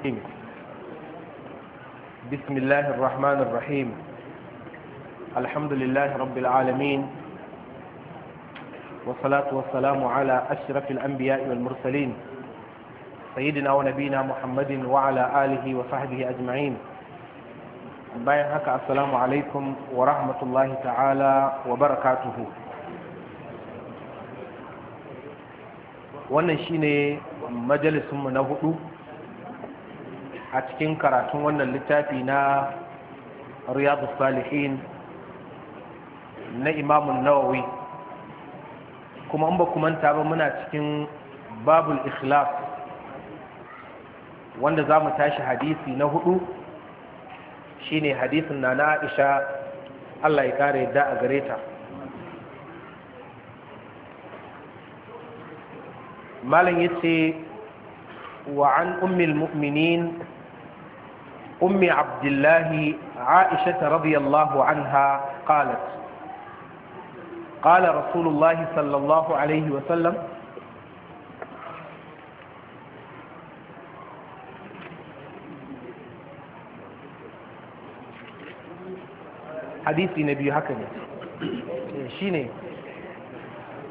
بسم الله الرحمن الرحيم الحمد لله رب العالمين والصلاة والسلام على أشرف الأنبياء والمرسلين سيدنا ونبينا محمد وعلى آله وصحبه أجمعين باين هكا السلام عليكم ورحمة الله تعالى وبركاته وانا شيني مجلس من hudu a cikin karatun wannan littafi na riyadu salihin na imamun nawawi kuma in ba manta ba muna cikin babul ikhlas wanda za mu tashi hadisi na hudu shine hadisin na na aisha allah ya kare yadda a gare ta malam ya ce wa an أم عبد الله عائشة رضي الله عنها قالت قال رسول الله صلى الله عليه وسلم حديث نبي حكمة شيني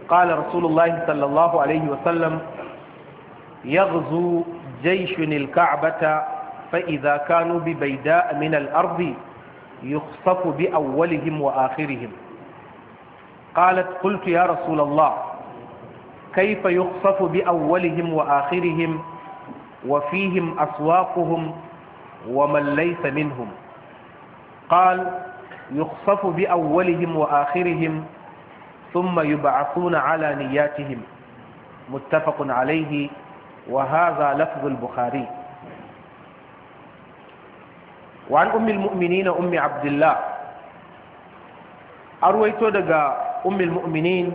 قال رسول الله صلى الله عليه وسلم يغزو جيش الكعبة فإذا كانوا ببيداء من الأرض يخصف بأولهم وآخرهم قالت قلت يا رسول الله كيف يخصف بأولهم وآخرهم وفيهم أسواقهم ومن ليس منهم قال يخصف بأولهم وآخرهم ثم يبعثون على نياتهم متفق عليه وهذا لفظ البخاري wa an ummul mu'minina ummi abdullah arwaito daga ummul mu'minin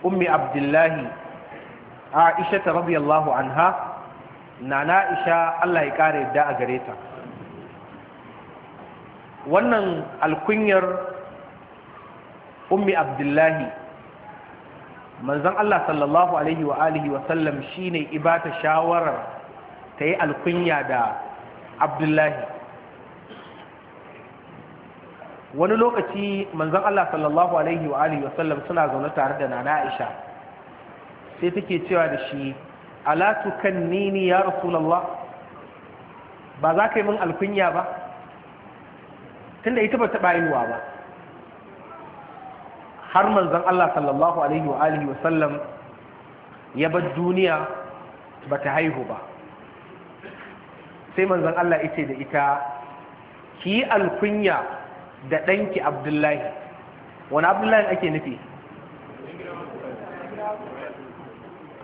ummi abdullahi aisha ta radiyallahu anha nana aisha Allah ya kare yadda a gare ta wannan alkunyar ummi abdullahi manzon Allah sallallahu alaihi wa alihi wa sallam shine ibada shawarar ta yi alkunya da abdullahi wani lokaci manzon Allah sallallahu alaihi wa alihi wasallam suna zaune tare da nana Aisha sai take cewa da shi ala tukannini ya rasulullah ba za ka yi min alkunya ba tunda ita ba taɓa yiwa ba har manzon Allah sallallahu alaihi wa alihi wasallam ya bar duniya ba ta haihu ba sai manzon Allah ya ce da ita ki yi alkunya da ɗanki abdullahi wani abdullahi ake nufi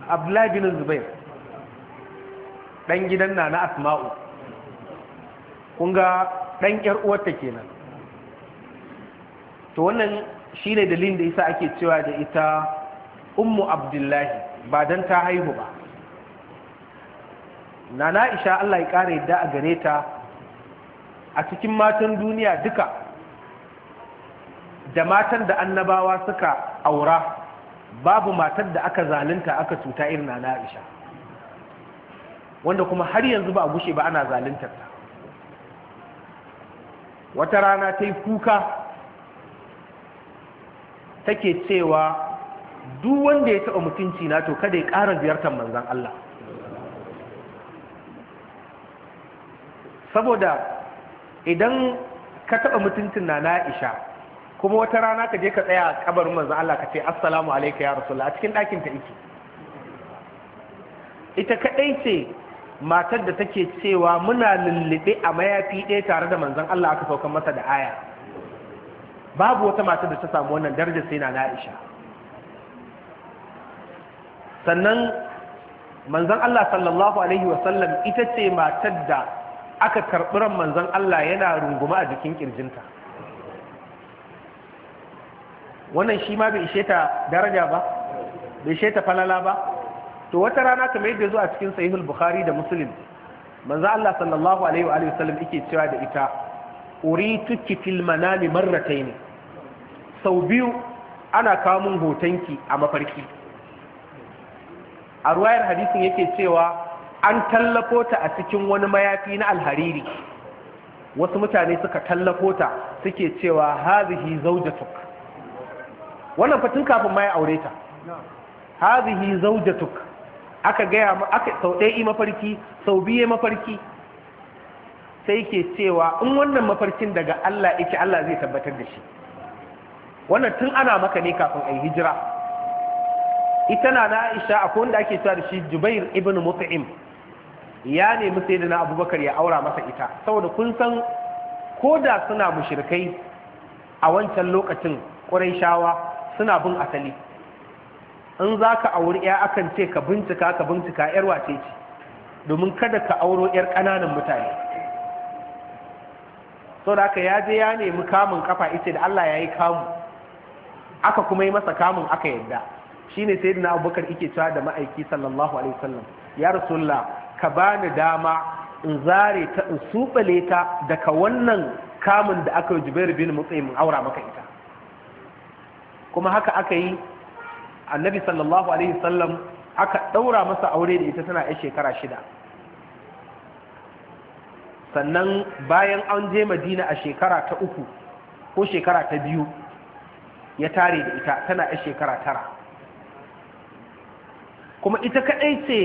abdullahi bin zubair ɗan gidan na na asma'u kunga ɗan ƴar uwarta kenan to wannan shine ne dalilin da isa ake cewa da ita ummu abdullahi ba don ta haihu ba na na isha allah ya ƙara yadda a gare ta a cikin matan duniya duka da matan da annabawa suka aura babu matar da aka zalunta aka cuta irin na Aisha wanda kuma har yanzu ba a gushe ba ana zaluntar ta wata rana ta yi kuka take cewa duk wanda ya taɓa mutunci na to kada ya ƙara ziyartar manzan Allah saboda idan ka taɓa mutuncin na na kuma wata rana ka je ka tsaya a kabarin manzon Allah ka ce assalamu alayka ya rasulullah a cikin ɗakin ta ita ita kadai ce matar da take cewa muna lullube a mayafi ɗaya tare da manzon Allah aka saukan masa da aya babu wata matar da ta samu wannan darajar sai na Aisha sannan manzon Allah sallallahu alaihi wasallam ita ce matar da aka karɓi ran manzon Allah yana rungumi a jikin kirjinta wannan shi ma bai ishe ta daraja ba bai ishe ta falala ba to wata rana kamar yadda zuwa cikin sahihul bukhari da muslim manzo Allah sallallahu alaihi wa alihi wasallam yake cewa da ita urituki fil manami marratayn sau biyu ana kawo mun hotonki a mafarki a ruwayar hadisin yake cewa an tallafo ta a cikin wani mayafi na alhariri wasu mutane suka tallafo ta suke cewa hazihi zaujatuk wannan fatin kafin ma ya aure ta hazihi zaujatuk aka gaya aka sau ɗaya yi mafarki sau biye mafarki sai ke cewa in wannan mafarkin daga Allah yake Allah zai tabbatar da shi wannan tun ana maka ne kafin ayi hijira ita na na aisha akwai wanda ake cewa da shi jubair ibn mut'im ya nemi sai da na abubakar ya aura masa ita saboda kun san koda suna mushrikai a wancan lokacin Quraishawa suna bin asali in za ka auri ya akan ce ka bincika ka bincika yar wace ce domin kada ka auro yar kananan mutane sau da aka yaje ya nemi kamun kafa ita da Allah ya yi kamun. aka kuma yi masa kamun aka yadda shi ne sai da na abubakar ike cewa da ma'aiki sallallahu alaihi wasallam ya rasulla ka bani dama in zare ta in subale ta daga wannan kamun da aka yi jubairu bin mutsayi mun aura maka ita kuma haka aka yi annabi sallallahu alaihi sallam aka ɗaura masa aure da ita tana 'yan shekara shida sannan bayan an je madina a shekara ta uku ko shekara ta biyu ya tare da ita tana 'yan shekara tara kuma ita kaɗai ce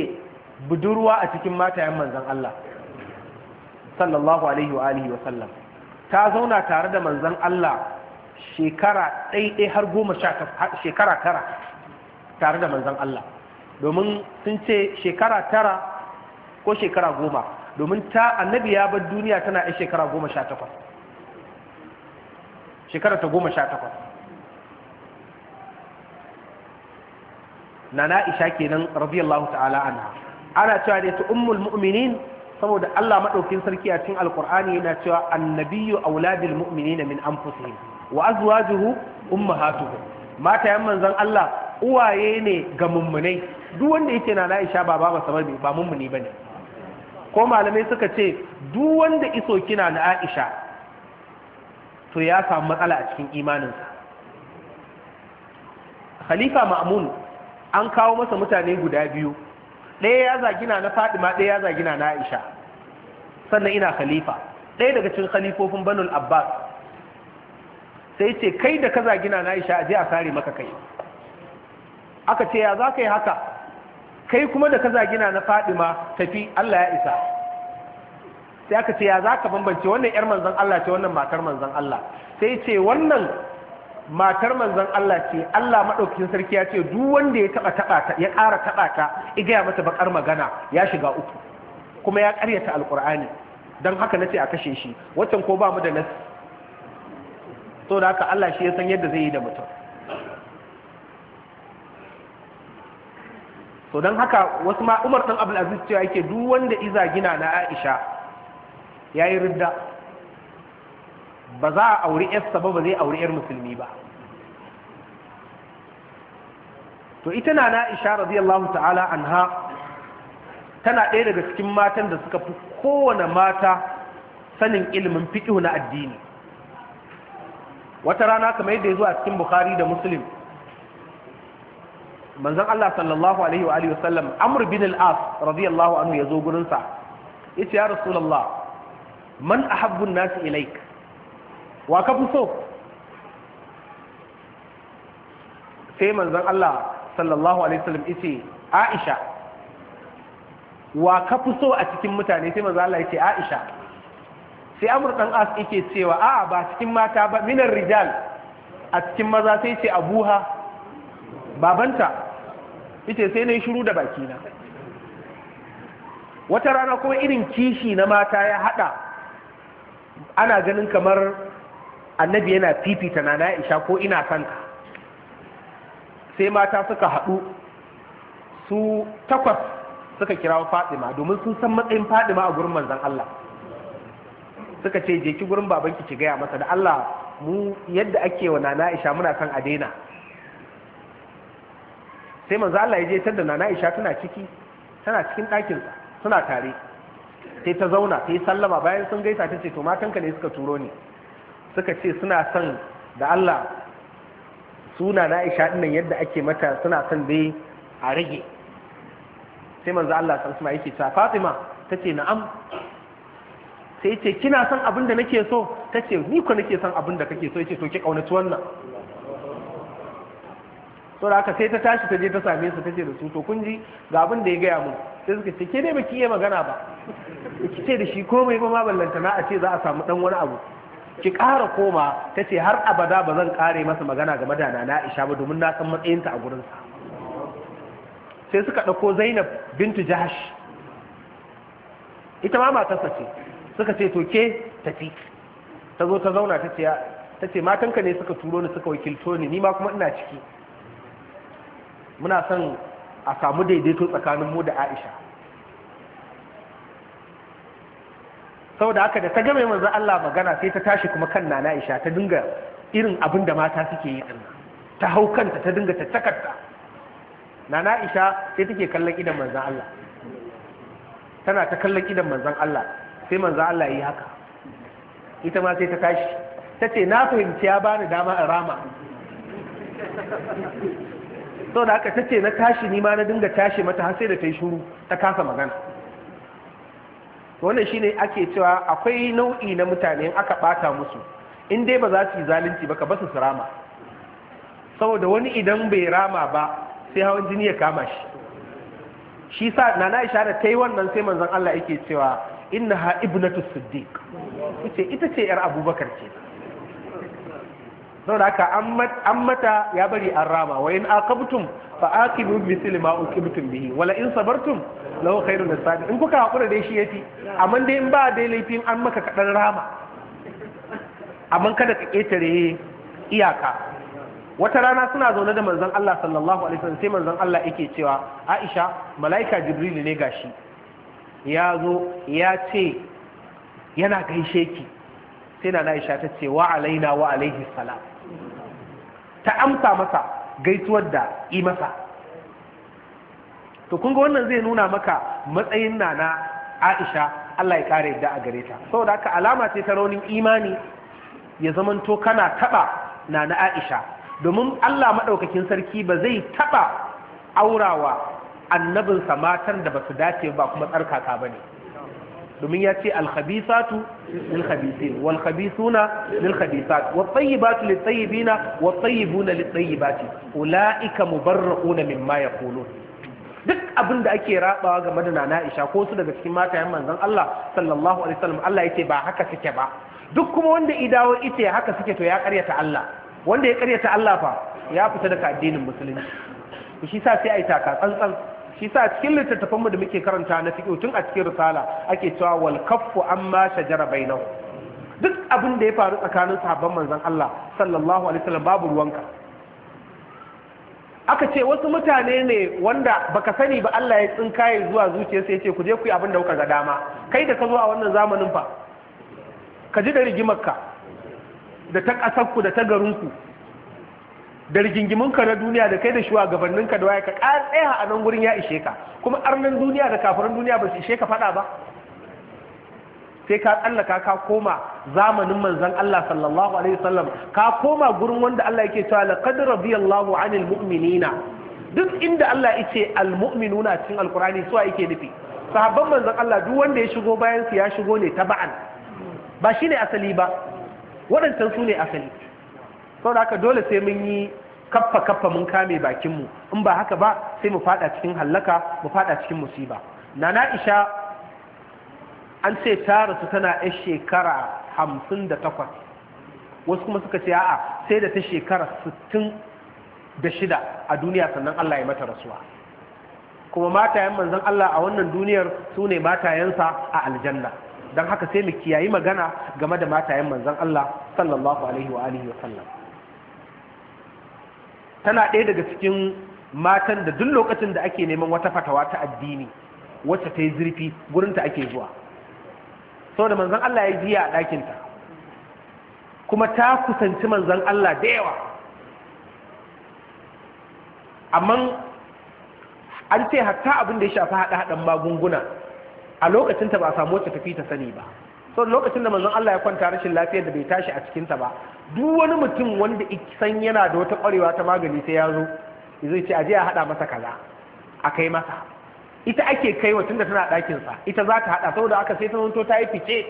budurwa a cikin matayen manzan Allah sallallahu alaihi wa alihi wa sallam ta zauna tare da manzan Allah shekara ɗaiɗai har goma sha shekara tara tare da manzan Allah domin sun ce shekara tara ko shekara goma domin ta annabi ya bar duniya tana yan shekara goma sha takwas shekara ta goma sha takwas na na'isha kenan radiyallahu ta'ala anha ana cewa da ta ummul mu'minin saboda Allah maɗaukin sarki a cikin alkur'ani yana cewa annabiyyu auladil mu'minina min anfusihim wa azwajuhu ummahatuhum mata yan manzon Allah uwaye ne ga mummunai duk wanda yake na Aisha ba baba sabar bane ba mummuni bane ko malamai suka ce duk wanda iso kina na Aisha to ya samu matsala a cikin imaninsa Khalifa Ma'mun an kawo masa mutane guda biyu ɗaya ya zagi na Fatima ɗaya ya zagi na Aisha sannan ina khalifa ɗaya daga cikin khalifofin Banul Abbas sai ce kai da ka zagi na Aisha aje a sare maka kai aka ce ya za ka yi haka kai kuma da ka zagi na Fadima tafi Allah ya isa sai aka ce ya za ka bambance wannan yar manzon Allah ce wannan matar manzon Allah sai ce wannan matar manzon Allah ce Allah madaukakin sarki ya ce duk wanda ya taba taba ta ya ƙara taba ta igaya mata bakar magana ya shiga uku kuma ya ƙaryata alqur'ani dan haka nace a kashe shi wancan ko ba mu da nasi so da haka Allah shi ya san yadda zai yi da mutum so don haka wasu ma Umar dan Abdul Aziz cewa yake duk wanda iza gina na Aisha yayi ridda ba za a auri yarsa ba ba zai auri yar musulmi ba to ita na na Aisha radiyallahu ta'ala anha tana ɗaya daga cikin matan da suka fi kowane mata sanin ilimin fiƙihu na addini wata rana kamar yadda ya zuwa cikin bukhari da muslim manzon Allah sallallahu alaihi wa sallam wasallam bin al-as radiyallahu anhu yazo gurin sa yace ya rasulullah man a an-nas ilaik wa ka fi so sai manzon Allah sallallahu alaihi wasallam yace Aisha wa ka fi so a cikin mutane sai manzon Allah ce Aisha sai amur dan as yake cewa a'a ba cikin mata ba minar rijal a cikin maza sai ce abuha babanta yace sai nayi shiru da baki na wata rana kuma irin kishi na mata ya hada ana ganin kamar annabi yana fifita na na isha ko ina kanka sai mata suka hadu su takwas suka kirawo fatima domin sun san matsayin fatima a gurin manzan Allah suka ce je ki gurin babanki ki gaya masa da Allah mu yadda ake wa nana Aisha muna son a daina sai manzo Allah ya je tada da nana Aisha tana ciki tana cikin ɗakin suna tare sai ta zauna ta sallama bayan sun gaisa ta ce to matanka ne suka turo ni suka ce suna son da Allah suna na Aisha dinnan yadda ake mata suna son dai a rage sai manzo Allah sallallahu alaihi wasallam yake ta Fatima tace na'am sai ce kina son abin da nake so ta ce ni ko nake son abin da kake so yace to ki kaunaci wannan to da haka sai ta tashi ta je ta same su ta ce da su to kun ji ga abin da ya gaya mun sai suka ce ke ne baki iya magana ba ki ce da shi komai ba ma ballanta na a ce za a samu dan wani abu ki ƙara koma ta ce har abada ba zan kare masa magana game da na Aisha ba domin na san matsayinta a gurin sa sai suka dauko Zainab bintu Jahash ita ma matarsa ce suka ce toke tafi ta zo ta zauna ta ce ta ce matanka ne suka turo ni suka wakilto ni Nima kuma ina ciki muna son a samu daidaito tsakanin mu da Aisha saboda haka da ta game manzan Allah magana sai ta tashi kuma kan nana Aisha ta dinga irin abin da mata suke yi din ta hau kanta ta dinga ta takarta nana Aisha sai take kallon idan manzan Allah tana ta kallon idan manzan Allah sai manzo Allah yi haka ita ma sai ta tashi ta ce na fahimci ya bani dama in rama so da haka ta ce na tashi ni ma na dinga tashi mata har sai da ta yi shuru ta kasa magana wannan shine ake cewa akwai nau'i na mutane aka bata musu in dai ba za su yi zalunci ba ka basu su rama saboda wani idan bai rama ba sai hawan jini ya kama shi shi sa na na ishara ta yi wannan sai manzon Allah yake cewa ha ibnatu siddiq yace ita ce yar abubakar ce saboda haka an mata ya bari an rama wa in aqabtum fa aqibu misli ma uqibtum bihi wala in sabartum lahu khairun lisabir in kuka hakura dai shi yafi amma dai in ba dai laifin an maka kadan rama amma kada ka ketare iyaka wata rana suna zaune da manzon Allah sallallahu alaihi wasallam sai manzon Allah yake cewa Aisha malaika Jibril ne gashi ya zo ya ce yana gaishe ki sai na Aisha ta ce wa alaina wa alaihi salam ta amsa masa gaisuwar da yi masa to kunga wannan zai nuna maka matsayin nana Aisha Allah ya kare yadda a gare ta saboda haka alama ce ta raunin imani ya zamanto kana taba nana Aisha domin Allah maɗaukakin sarki ba zai taɓa aurawa annabinsa matan da ba su dace ba kuma tsarkaka ba ne domin ya ce alkhabisatu lil khabisin wal khabisuna lil khabisat wat tayyibatu lit tayyibina wat tayyibuna lit tayyibati ulaika mubarrauna mimma yaqulun duk abin da ake rabawa game da nana Aisha ko su daga cikin matayen manzon Allah sallallahu alaihi wasallam Allah yake ba haka suke ba duk kuma wanda idawo ita ya haka suke to ya karyata Allah wanda ya karyata Allah fa ya fita daga addinin musulunci shi sa sai ai taka tsantsan shi sa cikin littattafan mu da muke karanta na fiqh tun a cikin risala ake cewa wal kaffu amma shajara bainahu duk abin da ya faru tsakanin sahabban manzon Allah sallallahu alaihi wasallam babu ruwanka aka ce wasu mutane ne wanda baka sani ba Allah ya tsinkaye zuwa sai ya ce ku je ku yi abin da kuka ga dama kai da ka zo a wannan zamanin fa ka ji da rigimarka da ta ƙasarku da ta garinku da ka na duniya da kai da shugabanninka da waya ka ƙara tsaya a nan gurin ya ishe ka kuma arnan duniya da kafirin duniya ba su ishe ka faɗa ba sai ka tsallaka ka koma zamanin manzon Allah sallallahu alaihi wasallam ka koma gurin wanda Allah yake cewa laqad radiyallahu anil mu'minina duk inda Allah yake al mu'minuna cikin alqur'ani suwa yake nufi sahabban manzon Allah duk wanda ya shigo bayan su ya shigo ne taba'an ba shine asali ba waɗancan su ne asali saboda haka dole sai mun yi kaffa kaffa mun kame bakinmu in ba haka ba sai mu fada cikin hallaka mu fada cikin musiba nana isha an ce ta rasu tana yar shekara hamsin da takwas wasu kuma suka ce a'a sai da ta shekara sittin da shida a duniya sannan allah ya mata rasuwa kuma matayen manzon allah a wannan duniyar su ne matayensa a aljanna don haka sai mu kiyayi magana game da matayen manzon allah sallallahu alaihi wa alihi wa sallam tana ɗaya daga cikin matan da duk lokacin da ake neman wata fatawa ta addini wacce ta yi zurfi gurinta ake zuwa saboda manzon Allah ya jiya a ɗakinta kuma ta kusanci manzon Allah da yawa amma an ce hatta abin da ya shafi haɗa haɗen magunguna a lokacinta ba a samu wacce tafi ta sani ba so lokacin da manzon Allah ya kwanta rashin lafiyar da bai tashi a cikin ta ba duk wani mutum wanda san yana da wata ƙwarewa ta magani sai ya zo zai ce aje a hada masa kaza a kai masa ita ake kai wa tunda tana sa ita za ta haɗa saboda aka sai ta zanto ta yi fice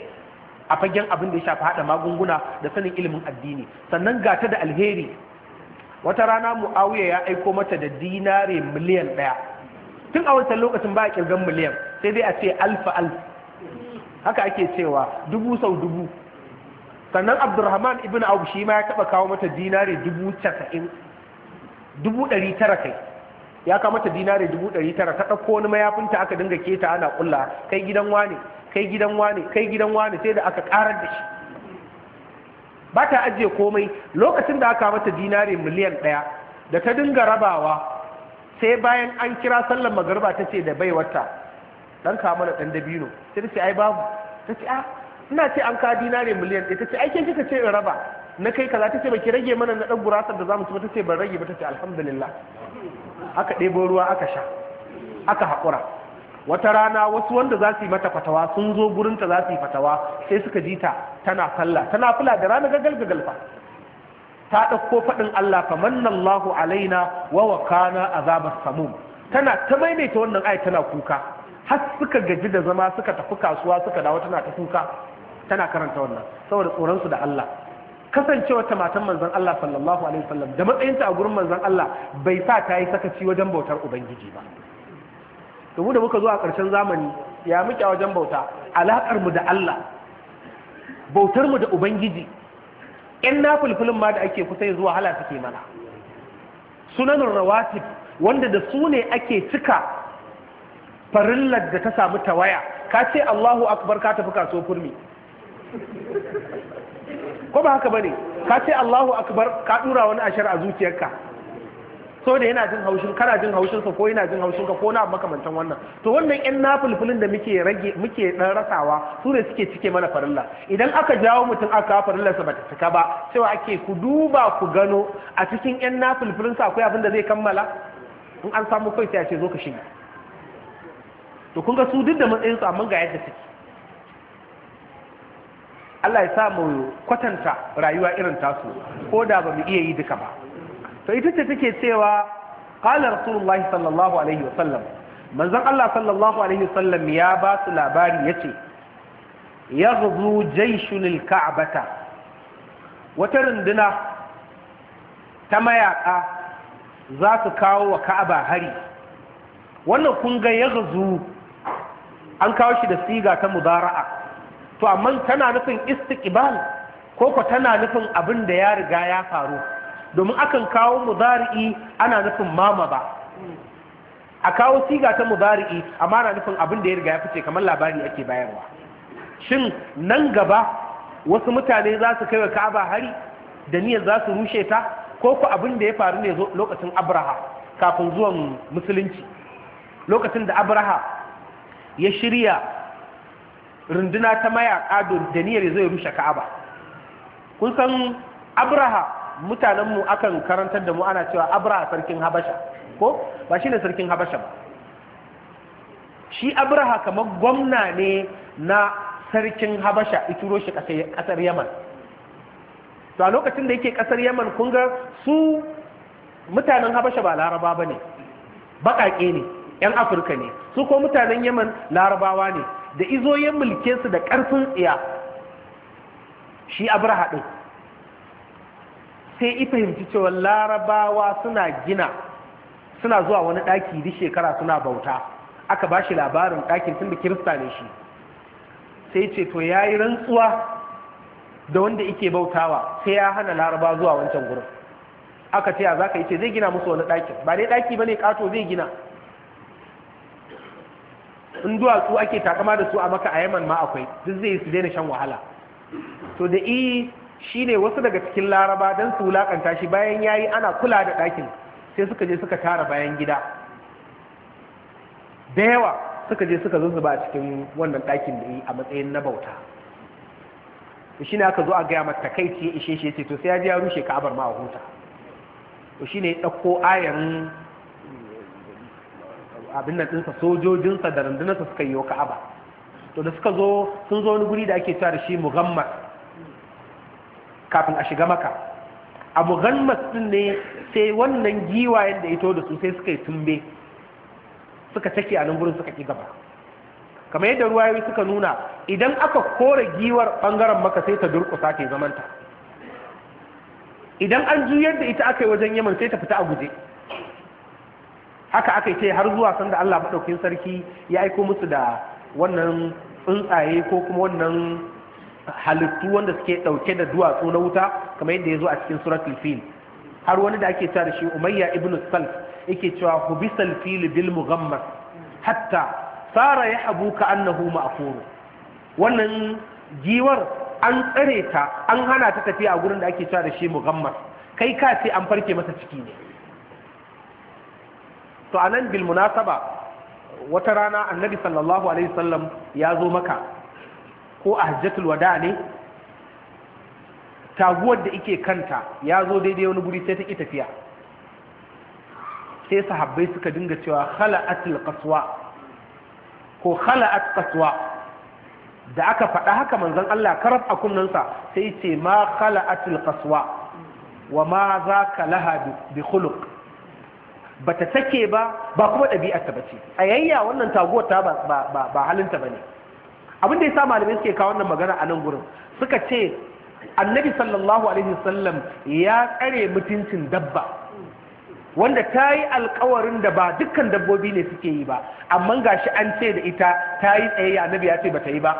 a fagen abin da ya shafi haɗa magunguna da sanin ilimin addini sannan ga ta da alheri wata rana mu'awiya ya aiko mata da dinare miliyan ɗaya tun a wancan lokacin ba a kirgan miliyan sai dai a ce alfa alfa haka ake cewa dubu sau dubu sannan abdurrahman ibn abu shi ma ya taba kawo mata dinari dubu casa'in dubu ɗari tara kai ya kawo mata dinari dubu ɗari tara ta ɗauko wani mayafinta aka dinga keta ana ƙulla kai gidan wane kai gidan wane kai gidan wane sai da aka ƙarar da shi ba ta ajiye komai lokacin da aka mata dinari miliyan ɗaya da ta dinga rabawa sai bayan an kira sallar magarba ta ce da baiwarta dan ka mana dan dabino sai ta ce ai babu ta ce a ah, ina ce an ka dinare miliyan ɗaya ta ce ai kika ce in raba na kai kaza ta ce baki rage mana na dan gurasar da zamu ci ba ta ce ban rage ba ta ce alhamdulillah aka ɗebo ruwa aka sha aka haƙura wata rana wasu wanda za su yi mata fatawa sun zo gurinta za su yi fatawa sai suka ji ta tana sallah tana fula da rana gagal gagal fa ta ɗauko faɗin Allah fa mannallahu alaina wa wakana azabar samum tana ta maimaita wannan ayi tana kuka har suka gaji da zama suka tafi kasuwa suka dawo tana ta kuka tana karanta wannan saboda tsoron su da Allah kasancewa ta matan manzon Allah sallallahu alaihi wasallam da matsayinta a gurin manzon Allah bai sa ta yi sakaci wajen bautar ubangiji ba to da muka zo a ƙarshen zamani ya muke a wajen bauta alakar mu da Allah bautar mu da ubangiji ƴan nafulfulin ma da ake kusa zuwa hala suke mana sunanin rawatib wanda da su ne ake cika farillar da ta samu tawaya ka ce Allahu akbar ka tafi kaso furmi ko ba haka bane ka ce Allahu akbar ka dura wani ashar a zuciyarka so da yana jin haushin kana jin haushin sa ko yana jin haushin ka ko na makamantan wannan to wannan yan nafulfulin da muke rage muke dan rasawa su ne suke cike mana farilla idan aka jawo mutum aka farilla sa bata cika ba cewa ake ku duba ku gano a cikin yan nafulfulin sa akwai abin da zai kammala in an samu kai sai a ce zo ka shiga to kun ga su duk da matsayin su amma ga yadda suke Allah ya sa mu kwatanta rayuwa irin tasu ko da ba mu iya yi duka ba to ita ce take cewa qala rasulullahi sallallahu alaihi wa sallam manzon Allah sallallahu alaihi wa sallam ya ba su labari yace yaghzu jayshun al-ka'bata wata runduna ta mayaka za su kawo wa ka'aba hari wannan kun ga yaghzu an kawo shi da siga ta mubara'a to amma tana nufin istiqbal ko ko tana nufin abin da ya riga ya faru domin akan kawo mudari'i ana nufin mama ba a kawo siga ta mudari'i amma ana nufin abin da ya riga ya fice kamar labari ake bayarwa shin nan gaba wasu mutane za su kai wa ka'aba hari da niyyar za su rushe ta ko ko abin da ya faru ne lokacin abraha kafin zuwan musulunci lokacin da abraha ya shirya runduna ta mayaka da niyyar zai rushe ka'aba kun san abraha mutanenmu akan karantar da mu ana cewa abraha sarkin habasha ko ba shi ne sarkin habasha ba shi abraha kamar gwamna ne na sarkin habasha ituro shi kasar yaman to a lokacin da yake kasar yaman kun su mutanen habasha ba laraba ba ne baƙaƙe ne 'yan afirka ne su ko mutanen yaman larabawa ne da izo ya mulke su da ƙarfin tsiya shi abraha ɗin sai i fahimci cewa larabawa suna gina suna zuwa wani ɗaki duk shekara suna bauta aka ba shi labarin ɗakin tun da kirista ne shi sai ce to ya yi rantsuwa da wanda ike bautawa sai ya hana laraba zuwa wancan gurin aka ce za ka yi ce zai gina musu wani ɗakin ba dai ɗaki ba ne ƙato zai gina in duwatsu ake takama da su a maka a yaman ma akwai duk zai su daina shan wahala to da i e, shi ne wasu daga cikin laraba don su wulakanta shi bayan ya yi ana kula da ɗakin sai suka je suka tara bayan gida da yawa suka je suka zuzuba a cikin wannan ɗakin da yi e a matsayin na bauta shi ne aka zo a gaya mata kai ce ishe shi ce to sai ya ji ya rushe ka'abar ma a huta to shi ne ɗauko ayarin abin nan ɗinsa sojojinsa da rundunarsa suka yi ka'aba to da suka zo sun zo wani guri da ake cewa da shi muhammad kafin a shiga maka a muhammad din ne sai wannan giwayen da ito da su sai suka yi tumbe suka take a nan gurin suka ƙi gaba kamar yadda ruwayoyi suka nuna idan aka kore giwar ɓangaren maka sai ta durƙusa ke zamanta idan an juyar da ita aka yi wajen yaman sai ta fita a guje haka aka ce har zuwa sanda Allah maɗaukin sarki ya aiko musu da wannan tsuntsaye ko kuma wannan halittu wanda suke ɗauke da duwatsu na wuta kamar yadda ya zo a cikin surat fil har wani da ake cewa da shi umayya ibn salf yake cewa hubisal fil bil mughammar hatta sara ya habu ka annahu ma'furu wannan giwar an tsare ta an hana ta tafiya a gurin da ake cewa da shi mughammar kai ka ce an farke masa ciki ne to anan bil munasaba wata rana annabi sallallahu alaihi wasallam ya zo maka ko a hajjatul wada ne taguwar da ike kanta ya zo daidai wani guri sai ta ki tafiya sai sahabbai suka dinga cewa khala'atul qaswa ko khala'at qaswa da aka faɗa haka manzon Allah karab a kunnansa sai ce ma khala'atul qaswa wa ma ka laha bi khuluq ba ta sake ba ba kuma ɗabi'arta ba ce a yayya wannan taguwar ta ba halinta ba ne abin da ya sa malamai suke kawo wannan magana a nan gurin suka ce annabi sallallahu alaihi wasallam ya tsare mutuncin dabba wanda ta yi alkawarin da ba dukkan dabbobi ne suke yi ba amma ga shi an ce da ita ta yi tsayayya annabi ya ce ba ta yi ba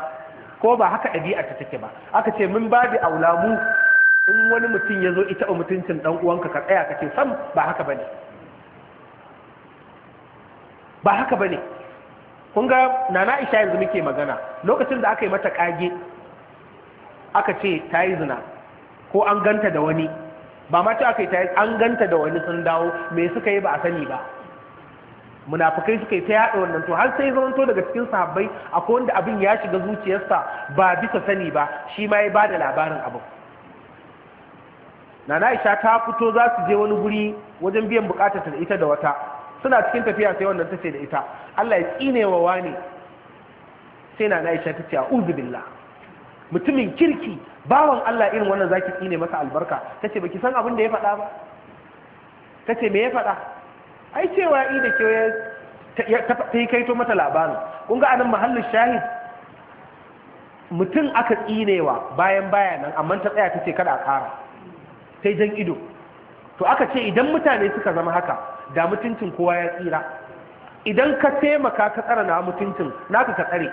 ko ba haka ɗabi'arta take ba aka ce mun ba da aulamu in wani mutum ya zo ita mutuncin ɗan uwanka ka tsaya ka ce sam ba haka ba ne ba haka bane kun ga na isha yanzu muke magana lokacin da aka yi mata kage aka ce ta yi zina ko an ganta da wani ba ma aka yi ta yi an ganta da wani sun dawo me suka yi ba a sani ba munafukai suka yi ta yaɗa wannan to har sai zanto daga cikin sahabbai a wanda abin ya shiga zuciyarsa ba bisa sani ba shi ma ya bada labarin abin nana isha ta fito za su je wani guri wajen biyan bukatar ta ita da wata suna cikin tafiya sai wannan tace da ita Allah ya tsine wa wani sai na Aisha ta ce a'udhu billah mutumin kirki bawan Allah irin wannan zaki tsine masa albarka tace baki san abin da ya faɗa ba tace me ya faɗa ai cewa yi da ke ta yi kaito mata labarin kun ga anan mahallin shahid mutum aka tsinewa bayan baya nan amma ta tsaya ta ce kada a ƙara sai jan ido to aka ce idan mutane suka zama haka da mutuncin kowa ya tsira idan ka taimaka ka tsara na mutuncin naka ka tsare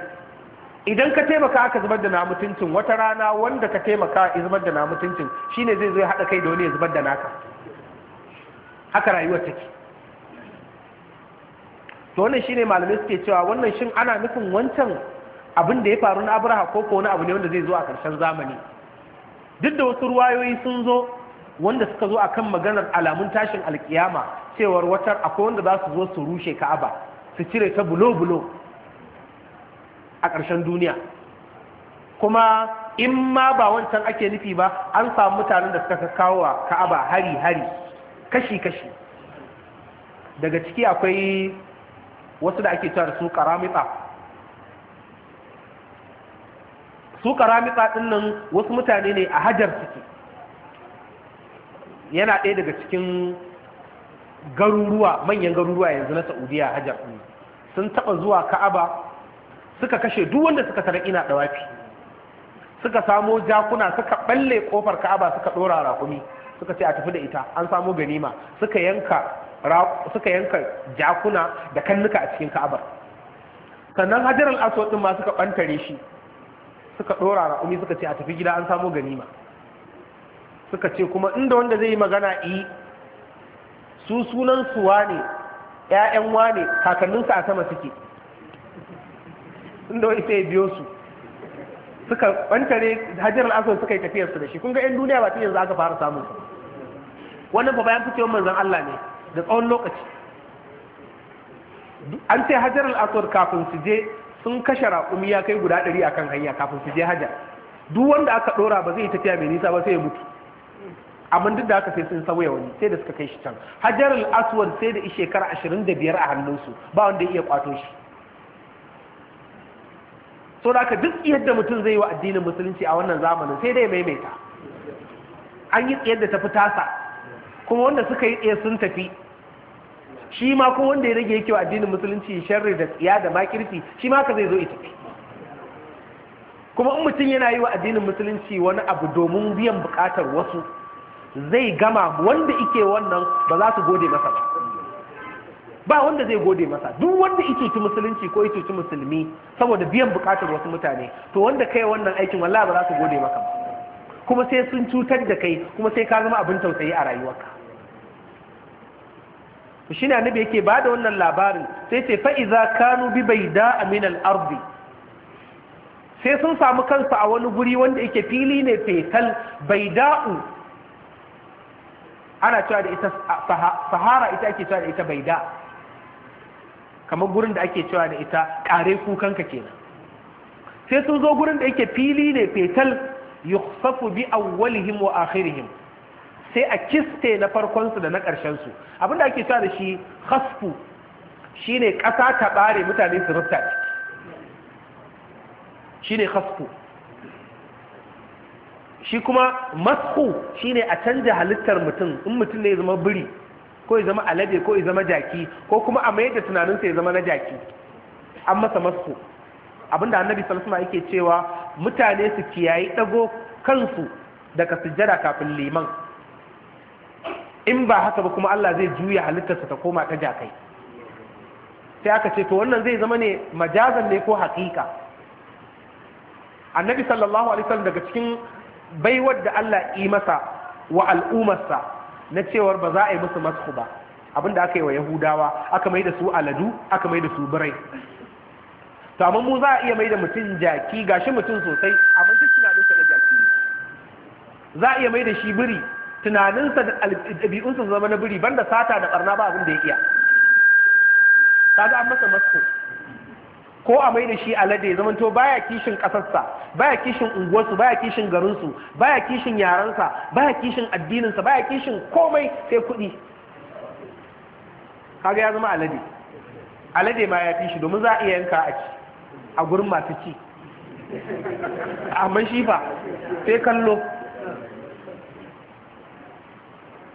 idan ka taimaka aka zubar da na mutuncin wata rana wanda ka taimaka ya zubar da na mutuncin shine zai zo ya haɗa kai da wani ya zubar da naka haka rayuwar take to wannan shine malamai suke cewa wannan shin ana nufin wancan abin da ya faru na abraha ko ko wani abu ne wanda zai zo a ƙarshen zamani duk da wasu ruwayoyi sun zo wanda suka zo akan maganar alamun tashin alkiyama cewar watar akwai wanda za su zo su rushe ka'aba su cire ta bulo-bulo a ƙarshen duniya kuma in ma ba wancan ake nufi ba an samu mutanen da suka kawo wa ka'aba hari-hari kashi-kashi daga ciki akwai wasu da ake cewa da su karamita su karamita ɗin nan wasu mutane ne a hajar ciki. yana ɗaya daga cikin garuruwa manyan garuruwa yanzu na saudiya hajar sun taɓa zuwa ka'aba suka kashe duk wanda suka tara ina ɗawafi suka samo jakuna suka ɓalle ƙofar ka'aba suka ɗora raƙumi suka ce a tafi da ita an samo ganima suka yanka suka yanka jakuna da kannuka a cikin ka'abar sannan hajar al-aswad ma suka bantare shi suka ɗora raƙumi suka ce a tafi gida an samo ganima suka ce kuma inda wanda zai yi magana yi su sunan suwa ne ‘ya'yan wane kakanninsu a sama suke inda wani sai biyo su suka wantare hajjar al'asar suka yi tafiyarsu da shi kun ga 'yan duniya ba ta yanzu aka fara samun wannan fa bayan fitowar manzan Allah ne da tsawon lokaci an ce hajjar al'asar kafin su je sun kashe raƙumi ya kai guda ɗari akan hanya kafin su je hajjar duk wanda aka ɗora ba zai tafiya mai nisa ba sai ya mutu amma duk da haka sai sun sauya wani sai da suka kai shi can hajar al'aswar sai da shekara ashirin da biyar a hannunsu ba wanda iya kwato shi so da haka duk yadda mutum zai yi wa addinin musulunci a wannan zamanin sai dai maimaita an yi tsayar da tafi tasa kuma wanda suka yi tsaye sun tafi shi ma ko wanda ya rage yake wa addinin musulunci sharri da tsiya da makirci shi ma ka zai zo ita kuma in mutum yana yi wa addinin musulunci wani abu domin biyan bukatar wasu zai gama wanda ike wannan ba za su gode masa ba ba wanda zai gode masa duk wanda ike ci musulunci ko ike ci musulmi saboda biyan bukatar wasu mutane to wanda kai wannan aikin wallahi ba za su gode maka ba kuma sai sun cutar da kai kuma sai ka zama abin tausayi a rayuwarka shi shine annabi yake ba da wannan labarin sai ce iza kanu bi bai da aminal arzi sai sun samu kansu a wani guri wanda yake fili ne fetal bai da'u ana cewa da ita sahara ita ake cewa da ita baida kamar gurin da ake cewa da ita kare kukanka kenan sai sun zo gurin da yake fili ne fetal yukhsafu bi awwalihim wa akhirihim sai a kiste na farkon su da na ƙarshen su abinda ake cewa da shi khasfu shine ƙasa ta bare mutane su rufta shine khasfu shi kuma masku shine a canja halittar mutum in mutum ne ya zama biri ko ya zama alade ko ya zama jaki ko kuma a mayar da tunaninsa ya zama na jaki an masa masku abinda annabi sallallahu yake cewa mutane su kiyayi dago kansu daga sujjada kafin liman in ba haka ba kuma Allah zai juya halittarsa ta koma ta jakai sai aka ce to wannan zai zama ne majazan ne ko hakika? annabi sallallahu alaihi wasallam daga cikin baiwar da Allah yi masa wa al'umarsa na cewar ba za a yi musu masu ba abinda aka yi wa yahudawa aka mai da su aladu aka mai da su birai to amma mu za a iya mai da mutum jaki gashi mutum sosai amma duk tunaninsa na jaki ne za a iya mai da shi biri tunaninsa da ɗabi'unsa zama na biri banda sata da ɓarna ba abin da ya iya kaga an masa masu ko a mai da shi alade ya zamanto baya kishin kasarsa baya kishin unguwarsu baya kishin garinsu baya kishin yarensa baya kishin addininsa baya kishin komai sai kuɗi kaga ya zama alade alade ma ya fi shi domin za a iya yanka a ci a gurin masu ci amma shi fa sai kallo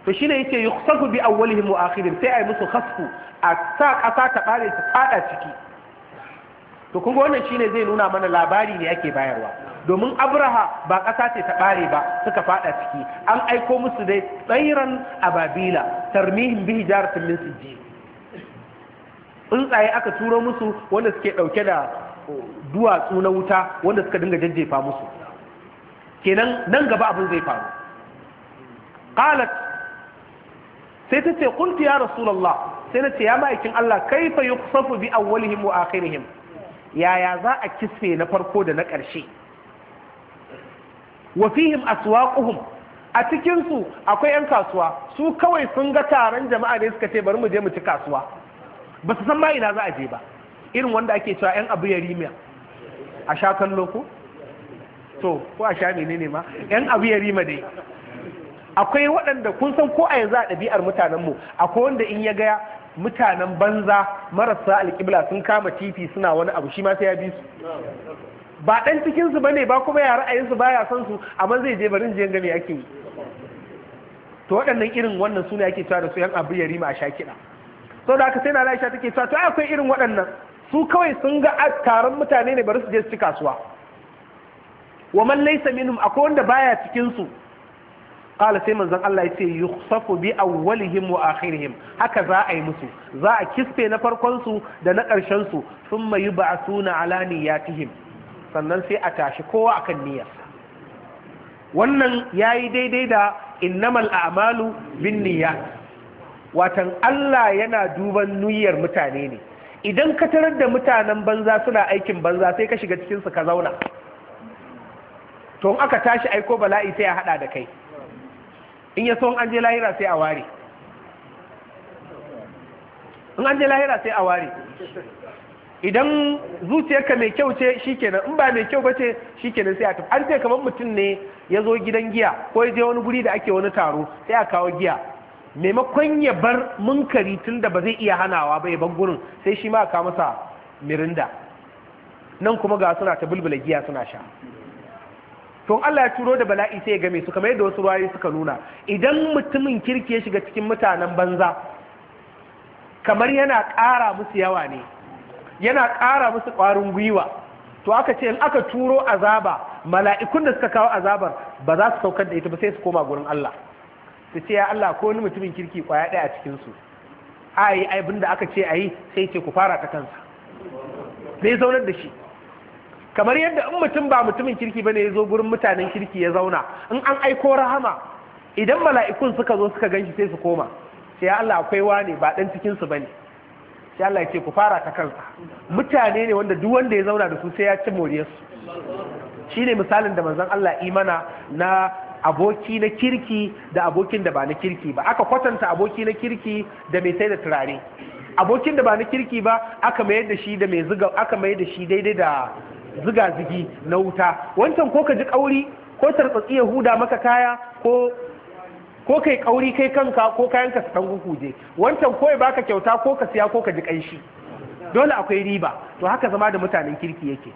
to shine yake yuksafu bi awwalihim wa akhirin sai ai musu khasfu a sa kasa ta bare ta fada ciki to kun wannan shine zai nuna mana labari ne ake bayarwa domin abraha ba ƙasa ce ta ɓare ba suka fada ciki an aiko musu dai tsairan ababila tarmihin bihi jaratin min sijji tsuntsaye aka turo musu wanda suke ɗauke da duwatsu na wuta wanda suka dinga jajjefa musu kenan nan gaba abin zai faru qalat sai ta ce qultu ya rasulullah sai na ce ya ma'aikin Allah kaifa yuqsafu bi awwalihim wa akhirihim yaya za a kisfe na farko da na ƙarshe wafihim aswaquhum a cikinsu akwai 'yan kasuwa su kawai sun ga taron jama'a ne suka ce bari mu je mu ci kasuwa ba su san ma ina za a je ba irin wanda ake cewa 'yan abu yarima a sha kallo ko to ko a sha menene ma 'yan abu yarima dai akwai waɗanda kun san ko a yanzu a ɗabi'ar mutanenmu akwai wanda in ya gaya mutanen banza marasa alƙibla sun kama titi suna wani abu shi ma sai ya bi su ba ɗan cikinsu ba ne ba kuma ya ra'ayinsu ba ya san su amma zai je barin jiyan gani ake yi to waɗannan irin wannan suna ake cewa da su yan abu yarima a shakiɗa sau da aka sai na laisha take cewa to akwai irin waɗannan su kawai sun ga taron mutane ne bari su je su ci kasuwa wa man laysa minhum akwai wanda baya cikin su qala sai manzon Allah yace yukhsafu bi awwalihim wa akhirihim haka za a yi musu za a kisfe na farkon su da na ƙarshen su thumma yub'asuna ala niyyatihim sannan sai a tashi kowa akan niyya wannan yayi daidai da innamal a'malu binniya watan Allah yana duban niyyar mutane ne idan ka tarar da mutanen banza suna aikin banza sai ka shiga cikinsu ka zauna to aka tashi aiko bala'i sai ya hada da kai in ya so an je lahira sai a ware in an je lahira sai a ware idan zuciyarka mai kyau ce shikenan in ba mai kyau ba ce shikenan sai a tafi an ce kamar mutum ne ya zo gidan giya ko ya je wani guri da ake wani taro sai a kawo giya maimakon ya bar munkari tun da ba zai iya hanawa ba ya bar gurin sai shi ma kawo masa mirinda nan kuma ga suna ta bulbula giya suna sha to Allah ya turo da bala'i sai ya game su kamar yadda wasu ruwaye suka nuna idan mutumin kirki ya shiga cikin mutanen banza kamar yana ƙara musu yawa ne yana ƙara musu ƙwarin gwiwa to aka ce in aka turo azaba mala'ikun da suka kawo azabar ba za su saukar da ita ba sai su koma gurin Allah su ce ya Allah ko wani mutumin kirki kwaya ɗaya a cikin su ai abin da aka ce ayi sai ce ku fara ta kansa zai zaunar da shi kamar yadda in mutum ba mutumin kirki bane ya zo gurin mutanen kirki ya zauna in an aiko rahama idan mala'ikun suka zo suka gan shi sai su koma sai Allah akwai wane ba dan cikin su bane sai Allah ya ce ku fara ta kansa mutane ne wanda duk wanda ya zauna da su sai ya ci moriyarsu shine misalin da manzon Allah imana na aboki na kirki da abokin da ba na kirki ba aka kwatanta aboki na kirki da mai sai da turare abokin da ba na kirki ba aka mayar da shi da mai zuga aka mayar da shi daidai da zigazigi na wuta wancan ko ka ji kauri ko tartsatsi ya huda maka kaya ko ko kai kauri kai kanka ko kayan ka san guguje wancan ko ya baka kyauta ko ka siya ko ka ji kanshi dole akwai riba to haka zama da mutanen kirki yake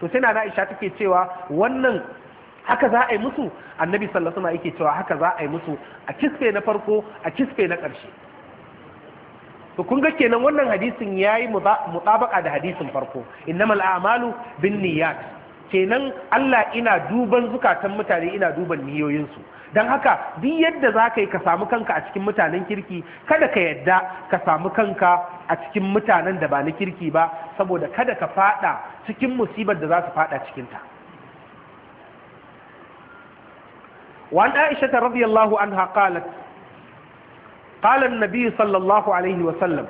to sai na Aisha take cewa wannan haka za a yi musu annabi sallallahu alaihi wasallam yake cewa haka za a yi musu a kisfe na farko a kisfe na ƙarshe to kun ga kenan wannan hadisin yayi mutabaka da hadisin farko innamal a'malu binniyat kenan Allah ina duban zukatan mutane ina duban su dan haka duk yadda za ka yi ka samu kanka a cikin mutanen kirki kada ka yadda ka samu kanka a cikin mutanen da ba na kirki ba saboda kada ka fada cikin musibar da za su fada cikinta وعن عائشة رضي الله عنها قالت قال النبي صلى الله عليه وسلم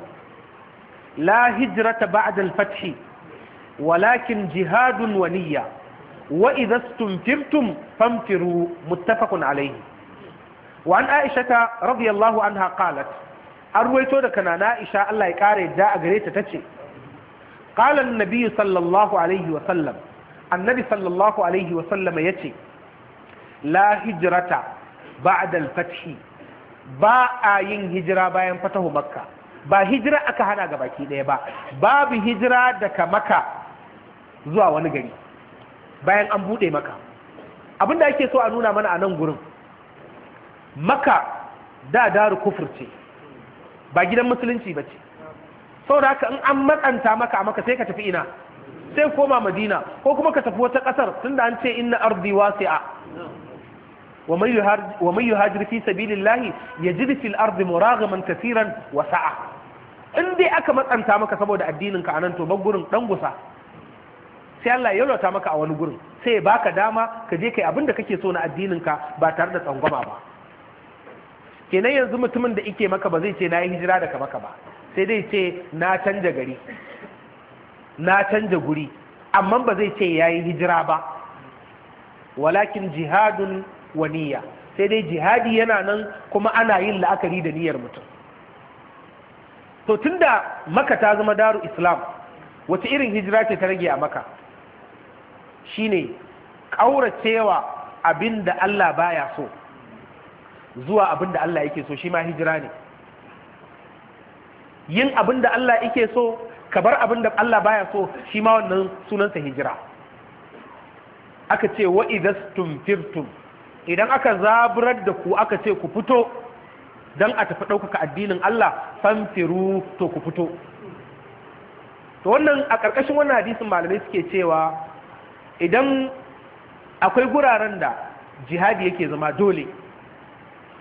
لا هجرة بعد الفتح ولكن جهاد ونية وإذا استمترتم فامتروا متفق عليه وعن عائشة رضي الله عنها قالت أرويت لك أنا عائشة الله يكاري جاء قريت تتشي قال النبي صلى الله عليه وسلم النبي صلى الله عليه وسلم يتشي لا هجرة بعد الفتح ba a yin hijira bayan fatahu makka ba hijira aka hana ga baki daya ba babu hijira daga maka zuwa wani gari bayan an bude maka abinda ake so a nuna mana a nan gurin maka da daru kufur ce ba gidan musulunci ba ce saboda haka in an matsanta maka maka sai ka tafi ina sai koma madina ko kuma ka tafi wata ƙasar tunda an ce inna ardi wasi'a ومن يهاجر في سبيل الله يجد في الأرض مراغما كثيرا in dai aka matsanta maka saboda addininka a nan to ban gurin dan gusa sai Allah ya yalwata maka a wani gurin sai ya baka dama ka je kai abin da kake so na addininka ba tare da tsangwama ba kenan yanzu mutumin da ike maka ba zai ce na yi hijira daga maka ba sai dai ce na canja gari na canja guri amma ba zai ce ya yi hijira ba walakin jihadun wa niyya sai dai jihadi yana nan kuma ana yin la'akari da niyyar mutum to tunda maka ta zama daru islam wata irin hijira ce ta rage a maka shine ƙauracewa abin da Allah baya so zuwa abin da Allah yake so shi ma hijira ne yin abin da Allah yake so ka bar abinda Allah baya so shi ma wannan sunansa hijira aka ce wa idastum firtum idan aka zaburar da ku aka ce ku fito don a tafi ɗaukaka addinin Allah famfiru to ku fito to wannan a ƙarƙashin wannan hadisin malamai suke cewa idan akwai guraren da jihadi yake zama dole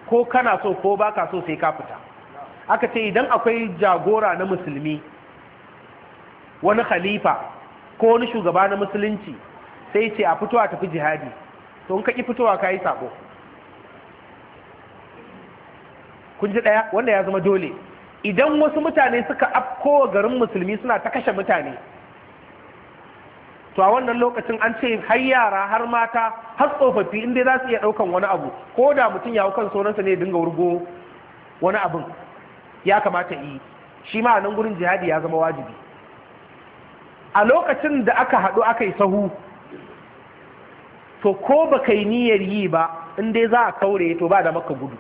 ko kana so ko ba ka so sai ka fita aka ce idan akwai jagora na musulmi wani khalifa ko wani shugaba na musulunci sai ce a fito a tafi jihadi to in ka ƙi fitowa ka yi sabo kun ji ɗaya wanda ya zama dole idan wasu mutane suka afko garin musulmi suna ta kashe mutane to a wannan lokacin an ce har yara har mata har tsofaffi inda za su iya ɗaukan wani abu ko da mutum ya kan sonansa ne dinga wurgo wani abin ya kamata yi shi ma a nan gurin jihadi ya zama wajibi a lokacin da aka haɗu aka yi sahu to ko ba yi niyyar yi ba in dai za a kaure to ba da maka gudu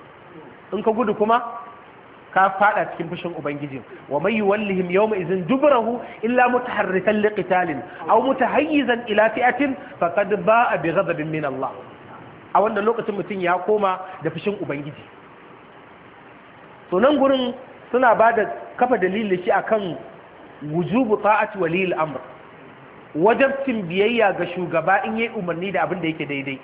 in ka gudu kuma ka fada cikin fushin ubangiji wa may yuwallihim yawma duk dubrahu illa mutaharrikan liqitalin aw mutahayyizan ila fi'atin faqad ba'a bi ghadabin min Allah a wannan lokacin mutum ya koma da fushin ubangiji to nan gurin suna ba da kafa dalilin shi akan wujubu ta'ati walil amr wajabcin biyayya ga shugaba in yi umarni da abin da yake daidai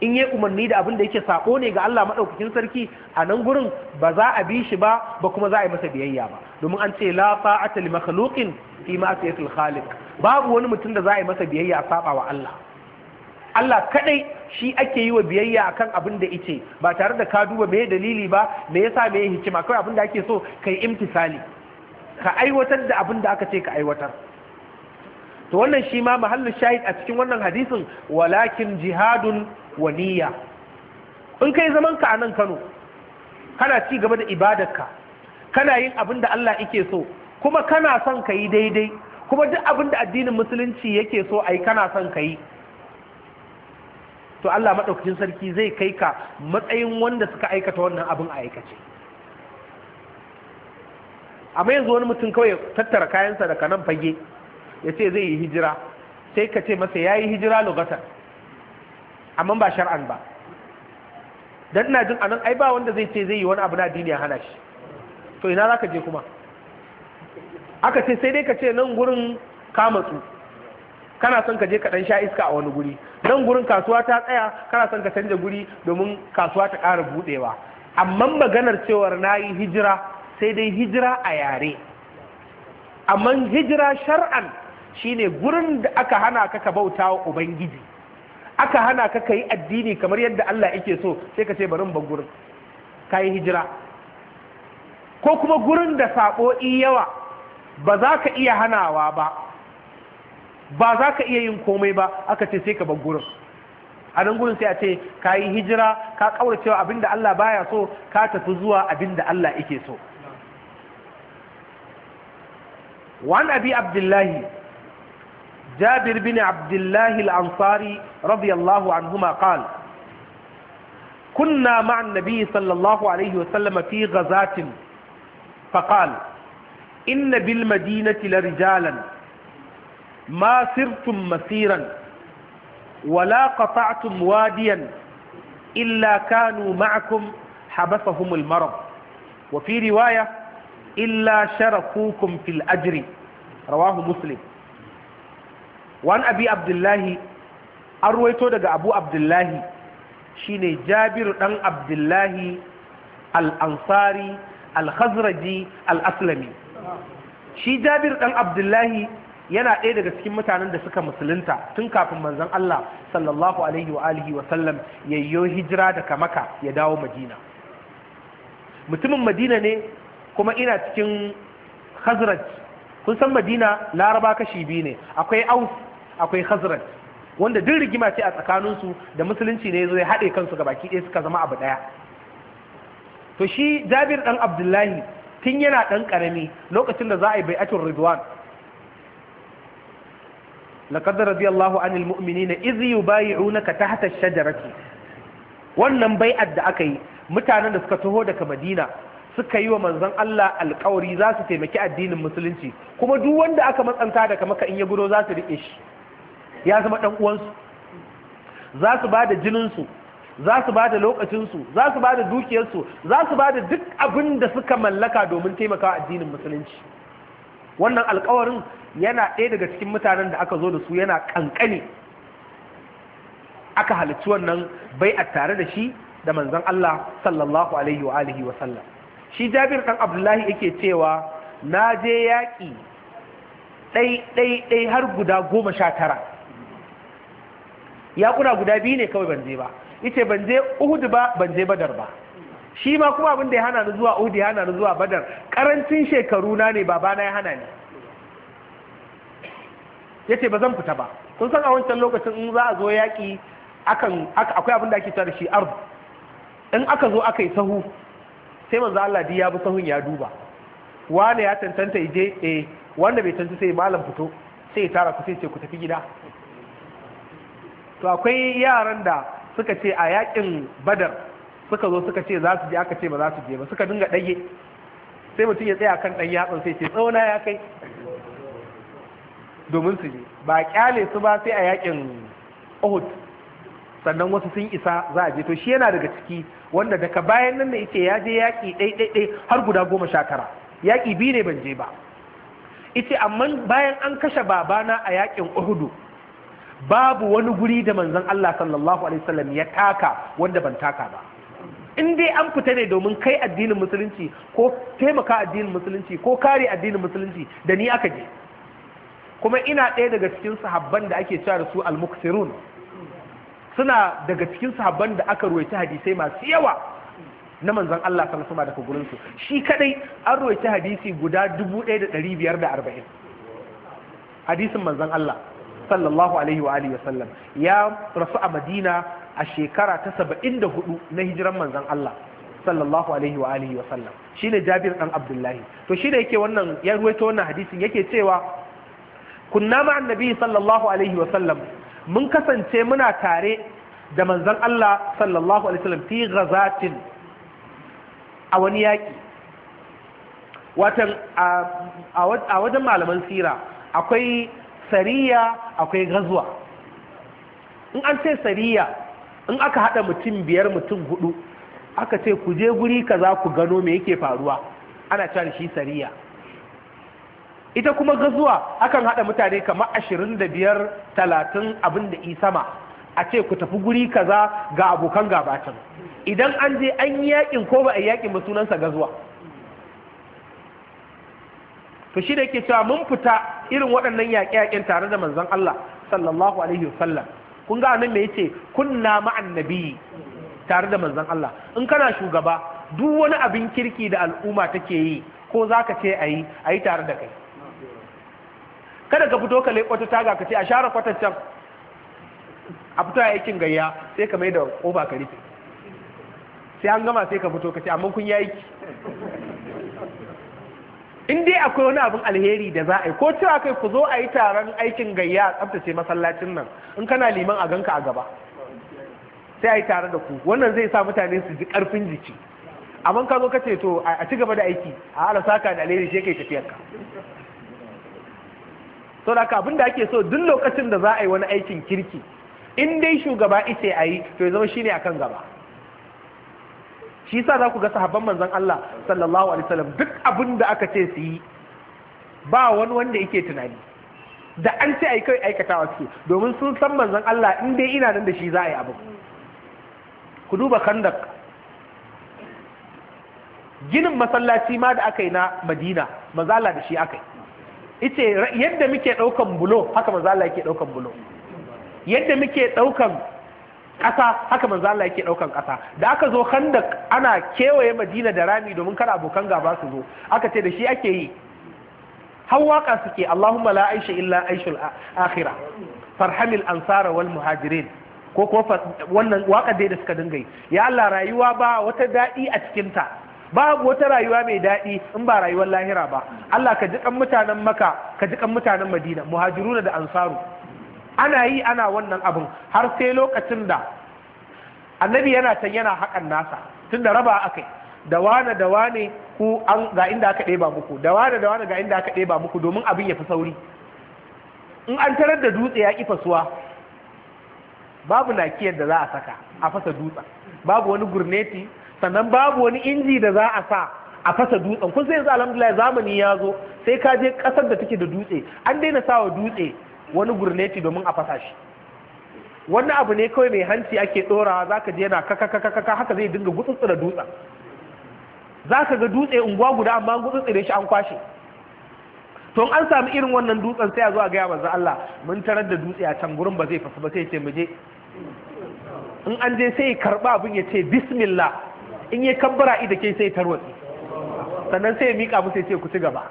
in yi umarni da abin da yake sako ne ga Allah maɗaukakin sarki a nan gurin ba za a bi shi ba ba kuma za a yi masa biyayya ba domin an ce la fa'ata li makhluqin fi ma'siyatil khaliq babu wani mutum da za a yi masa biyayya a saba wa Allah Allah kadai shi ake yi wa biyayya akan abin da ice ba tare da ka duba me dalili ba me yasa me hikima kawai abin da ake so kai imtisali ka aiwatar da abin da aka ce ka aiwatar to wannan shi ma mahallin shahid a cikin wannan hadisin walakin jihadun waniya in kai zaman ka a nan Kano kana ci gaba da ibadarka kana yin abin da Allah yake so kuma kana son ka yi daidai kuma duk abin da addinin musulunci yake so ai kana son ka yi to Allah maɗaukacin sarki zai kai ka matsayin wanda suka aikata wannan abin a aikace amma yanzu wani mutum kawai tattara kayansa daga nan fage ya ce zai yi hijira sai ka ce masa ya yi hijira lugatan amma ba shar'an ba don ina jin anan ai ba wanda zai ce zai yi wani abu na addini ya hana shi to ina za ka je kuma aka ce sai dai ka ce nan gurin kamatsu kana son ka je ka dan sha iska a wani guri nan gurin kasuwa ta tsaya kana son ka canja guri domin kasuwa ta ƙara buɗewa amma maganar cewar na yi hijira sai dai hijira a yare amma hijira shar'an shine gurin da aka hana ka ka bauta wa ubangiji aka hana ka ka yi addini kamar yadda Allah yake so sai ka ce bari ban gurin ka yi hijira ko kuma gurin da saɓo'i yawa ba za ka iya hanawa ba ba za ka iya yin komai ba aka ce sai ka bar gurin a nan gurin sai a ce ka yi hijira ka kauracewa abin da Allah baya so ka tafi zuwa abin da Allah yake so wani abi Abdullahi. جابر بن عبد الله الأنصاري رضي الله عنهما قال كنا مع النبي صلى الله عليه وسلم في غزاة فقال إن بالمدينة لرجالا ما سرتم مسيرا ولا قطعتم واديا إلا كانوا معكم حبسهم المرض وفي رواية إلا شرفوكم في الأجر رواه مسلم wani abi abdullahi an ruwaito daga abu abdullahi shine jabiru ɗan abdullahi al'ansari al-khazraji al-aslami shi jabiru ɗan abdullahi yana ɗaya daga cikin mutanen da suka musulunta tun kafin manzon Allah sallallahu alaihi wa alihi wa sallam yayyo hijira daga maka ya dawo madina mutumin madina ne kuma ina cikin khazraj kun san madina laraba kashi biyu ne akwai aus akwai khazraj wanda duk rigima ce a tsakaninsu da musulunci ne zai haɗe kansu ga baki ɗaya suka zama abu ɗaya to shi jabir ɗan abdullahi tun yana ɗan ƙarami lokacin da za a yi bai'atun ridwan laqad radiyallahu anil mu'minina iz yubayi'unaka tahta ash-shajarati wannan bai'ar da aka yi mutanen da suka taho daga madina suka yi wa manzon Allah alƙawari za su taimaki addinin musulunci kuma duk wanda aka matsanta daga maka in ya gudo za su riƙe shi ya zama ɗan uwansu za su ba da jininsu za su ba da lokacinsu za su ba da dukiyarsu za su ba da duk abin da suka mallaka domin taimakawa addinin musulunci wannan alkawarin yana ɗaya daga cikin mutanen da aka zo da su yana kankane aka halicci wannan bai a tare da shi da manzon Allah sallallahu alaihi wa alihi wa sallam shi Jabir ɗan Abdullahi yake cewa na je yaƙi ɗai ɗai ɗai har guda goma sha tara Ya kuna guda biyu ne kawai ban je ba yace ban je Uhud ba ban je Badar ba shi ma kuma abin da ya hana ni zuwa Uhud ya hana ni zuwa Badar karancin shekaru na ne babana ya hana ni yace ba zan fita ba kun san a wancan lokacin in za a zo yaki akan akwai abin da ake cewa da shi ardu in aka zo aka yi sahu sai manzo Allah ya bi sahun ya duba wane ya tantanta ije eh wanda bai tantance sai malam fito sai ya tara ku sai ce ku tafi gida to akwai yaran da suka ce a yakin badar suka zo suka ce za su je aka ce ba za su je ba suka dinga ɗage sai mutum ya tsaya kan ɗan yatsun sai ce tsawona ya kai domin su je ba kyale su ba sai a yakin uhud sannan wasu sun isa za a je to shi yana daga ciki wanda daga bayan nan da yake ya je yaƙi ɗaiɗaiɗai har guda goma sha tara yaƙi biyu ne ban je ba ita amma bayan an kashe babana a yaƙin uhudu babu wani guri da manzon Allah sallallahu alaihi wasallam ya taka wanda ban taka ba in dai an fita ne domin kai addinin musulunci ko taimaka addinin musulunci ko kare addinin musulunci da ni aka je kuma ina ɗaya daga cikin sahabban da ake cewa da su al-muksirun suna daga cikin sahabban da aka ruwaita hadisai masu yawa na manzon Allah sallallahu alaihi wasallam daga gurin su shi kadai an ruwaita hadisi guda 1540 hadisin manzon Allah sallallahu alaihi wa alihi wasallam ya rasu a madina a shekara ta saba'in da hudu na hijiran manzan Allah sallallahu alaihi wa alihi wasallam shine jabir dan abdullahi to shine yake wannan ya ruwaito wannan hadisin yake cewa kunna ma annabi sallallahu alaihi wasallam mun kasance muna tare da manzan Allah sallallahu alaihi wasallam fi ghazatin a wani yaki watan a wajen malaman sira akwai sariya akwai gazuwa in an ce sariya in aka haɗa mutum biyar mutum hudu aka ce ku je guri kaza ku gano me yake faruwa ana cewa shi sariya ita kuma gazuwa akan haɗa mutane kamar ashirin da biyar talatin abin da sama a ce ku tafi guri kaza ga abokan gabatan idan an je an yi yakin ko ba a yakin ba sunansa gazuwa to shi da yake cewa mun fita irin waɗannan yaƙe-yaƙen tare da manzon Allah sallallahu alaihi wa sallam. kun ga nan me yace kunna ma'an nabiyyi tare da manzon Allah in kana shugaba duk wani abin kirki da al'umma take yi ko zaka ce ayi ayi tare da kai kada ka fito ka leƙo ta taga ka ce a share kwatar can a fito a aikin gayya sai ka mai da ƙofa ka rufe sai an gama sai ka fito ka ce amma kun yi aiki in dai akwai wani abin alheri da za a yi ko cewa kai ku zo a yi taron aikin gayya a tsaftace masallacin nan in kana liman a ganka a gaba sai a yi tare da ku wannan zai sa mutane su ji karfin jiki amma ka zo ka ce to a ci gaba da aiki a ala saka da alheri shi kai tafiyar ka to da abin da ake so duk lokacin da za a yi wani aikin kirki in dai shugaba ice a yi to ya zama shine akan gaba shi sa za ku ga sahabban manzon Allah sallallahu alaihi wasallam duk abin da aka ce su yi ba wani wanda yake tunani da an ce ai kai aikatawa suke domin sun san manzon Allah in dai ina nan da shi za a yi abu ku duba kandak ginin masallaci ma da aka yi na Madina mazala da shi aka yi ita yadda muke ɗaukan bulo haka mazala yake ɗaukan bulo yadda muke ɗaukan ƙasa haka manzo Allah yake ɗaukan ƙasa da aka zo khandak ana kewaye madina da rami domin kada abokan gaba su zo aka ce da shi ake yi har suke Allahumma la aisha illa aishul akhirah farhamil ansara wal muhajirin ko ko wannan waka dai da suka dinga yi ya Allah rayuwa ba wata daɗi a cikin ta babu wata rayuwa mai daɗi in ba rayuwar lahira ba Allah ka ji kan mutanen maka ka ji kan mutanen madina muhajiruna da ansaru ana yi ana wannan abin har sai lokacin da annabi yana can yana haƙan nasa tun da raba akai da wane da wane ku an ga inda aka ɗeba muku da wane da wane ga inda aka ɗeba muku domin abin ya fi sauri in an tarar da dutse ya ƙi fasuwa babu nakiyar da za a saka a fasa dutsen babu wani gurneti sannan babu wani inji da za a sa a fasa dutsen kun sai yanzu alhamdulillah zamani ya zo sai ka je kasar da take da dutse an daina sawa dutse wani gurneti domin a fasa shi wani abu ne kawai mai hanci ake ɗorawa za ka je yana kakakakaka haka zai dinga da dutsen za ka ga dutse unguwa guda amma gutsutsu ne shi an kwashe to an sami irin wannan dutsen sai a zo a gaya manzo Allah mun tarar da dutse a can gurin ba zai fasu ba sai ce mu je in an je sai karba abin ya ce bismillah in ya kabbara ida ke sai tarwatsi sannan sai ya mika musu sai ce ku ci gaba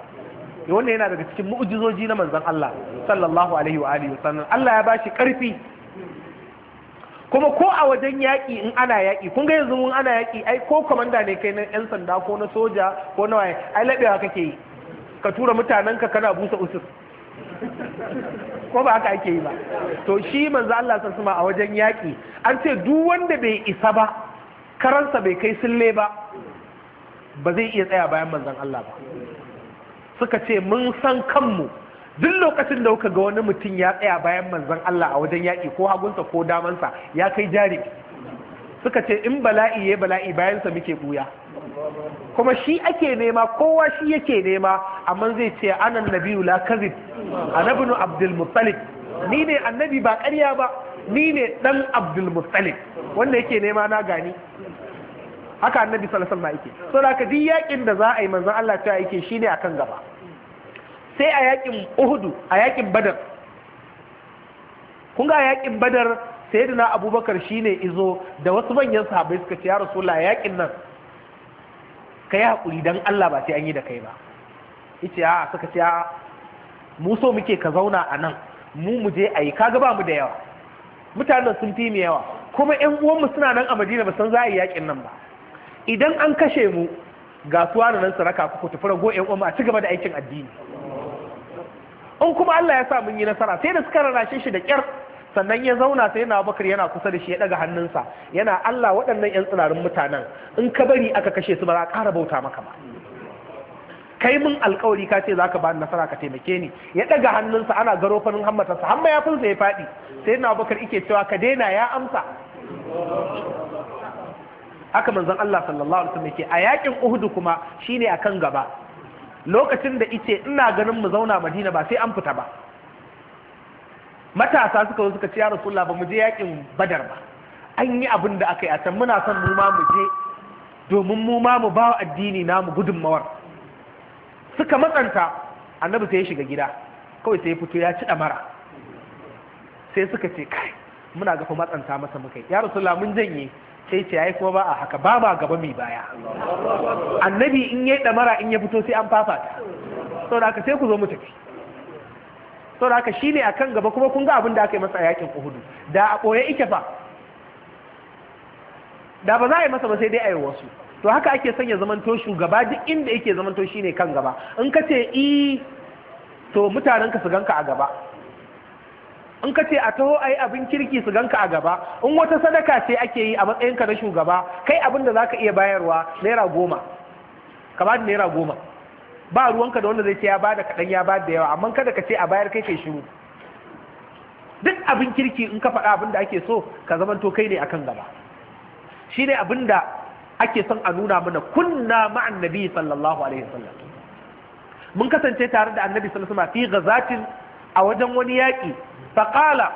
to wannan yana daga cikin mu'jizoji na manzon Allah sallallahu alaihi wa alihi Allah ya bashi karfi kuma ko a wajen yaƙi in ana yaƙi kun ga yanzu mun ana yaƙi ai ko komanda ne kai na yan sanda ko na soja ko na waye ai labewa kake yi ka tura mutanenka kana busa usur ko ba haka ake yi ba to shi manzo Allah sallallahu alaihi a wajen yaƙi an ce duk wanda bai isa ba karansa bai kai sulle ba ba zai iya tsaya bayan manzon Allah ba suka ce mun san kanmu duk lokacin da kuka ga wani mutum ya tsaya bayan manzon Allah a wajen yaƙi ko hagunsa ko damansa ya kai jari suka ce in bala'i ya bala'i bayansa muke buya kuma shi ake nema kowa shi yake nema amma zai ce anan nabiyu la kazib anabnu abdul muttalib ni ne annabi ba karya ba ni ne dan abdul muttalib wanda yake nema na gani haka annabi sallallahu alaihi wasallam yake so da duk yakin da za a yi manzon Allah ta yake shine akan gaba sai a yakin Uhud a yakin Badar kun ga yakin Badar sayyidina Abubakar shine izo da wasu manyan sahabbai suka ce ya rasulullah yakin nan kai hakuri dan Allah ba sai an yi da kai ba yace a suka ce mu so muke ka zauna a nan mu mu je ayi kaga ba mu da yawa mutanen sun fi mu yawa kuma ƴan uwanmu suna nan a Madina ba san za a yi yakin nan ba idan an kashe mu ga da nan saraka ku ku tafi rago ƴan a ci gaba da aikin addini in kuma Allah ya sa mun yi nasara sai da suka rarashe shi da kyar sannan ya zauna sai na bakar yana kusa da shi ya daga hannunsa yana Allah waɗannan ƴan tsirarin mutanen in ka bari aka kashe su ba za a ƙara bauta maka ba kai mun alkawari ka ce zaka ba nasara ka taimake ni ya daga hannunsa ana garo fanin hammatarsa hamma ya funsa ya faɗi sai na bakar ike cewa ka daina ya amsa haka manzon Allah sallallahu alaihi wasallam yake a yakin Uhudu kuma shine akan gaba lokacin da ice ina ganin mu zauna Madina ba sai an fita ba matasa suka zo suka ce ya Rasulullah ba mu je yakin Badar ba an yi abin da aka yi a can muna son mu ma mu je domin mu ma mu bawa addini namu gudunmawar suka matsanta annabi sai ya shiga gida kawai sai ya fito ya ci damara sai suka ce kai muna gafa matsanta masa mukai ya rasulullah mun janye sai ce yi kuma ba a haka ba ma gaba mai baya annabi in yayi damara in ya fito sai an fafata saboda haka sai ku zo mu tafi saboda haka shine akan gaba kuma kun ga abin da aka yi masa a yakin Uhudu da a boye ike fa da ba za a yi masa ba sai dai a yi wasu to haka ake sanya ya zamanto shugaba duk inda yake zamanto shine kan gaba in ka ce i to mutanen ka su ganka a gaba in ka ce a taho a yi abin kirki su ganka a gaba in wata sadaka ce ake yi a matsayinka na shugaba kai abin da za ka iya bayarwa naira goma ka ba da naira goma ba ruwanka da wanda zai ce ya ba da kaɗan ya ba da yawa amma kada ka ce a bayar kai kai shiru duk abin kirki in ka faɗa abin da ake so ka zamanto kai ne akan gaba shi ne abin da ake son a nuna mana kunna ma'an nabi sallallahu alaihi wasallam mun kasance tare da annabi sallallahu alaihi wasallam fi ghazatin a wajen wani yaƙi faƙala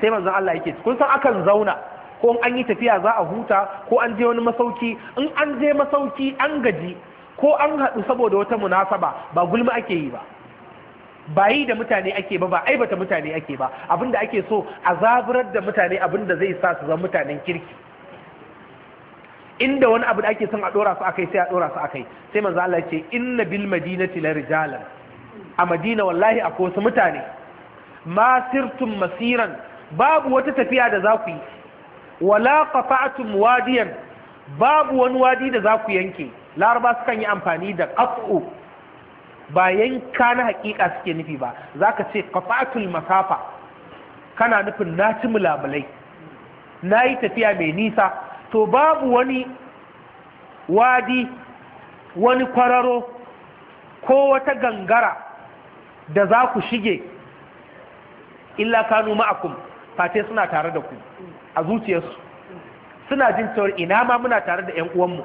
sai manzon Allah yake kun san akan zauna ko an yi tafiya za a huta ko an je wani masauki in an je masauki an gaji ko an haɗu saboda wata munasaba ba gulma ake yi ba ba yi da mutane ake ba ba aibata mutane ake ba abinda ake so a zaburar da mutane abinda zai sa su zama mutanen kirki inda wani abu da ake son a dora su akai sai a dora su akai sai manzo Allah ce inna bil madinati la rijalan a madina wallahi akwai wasu mutane sirtum masiran babu wata tafiya da za ku yi wala qata'tum wadiyan babu wani wadi da za ku yanke laraba sukan yi amfani da qat'u ba yanka na hakika suke nufi ba zaka ce qata'tul masafa kana nufin na ci mulabalai na yi tafiya mai nisa to babu wani wadi wani kwararo ko wata gangara da za ku shige illa kanu ma'akum fate suna tare da ku a zuciyarsu suna jin cewar ina ma muna tare da ƴan uwanmu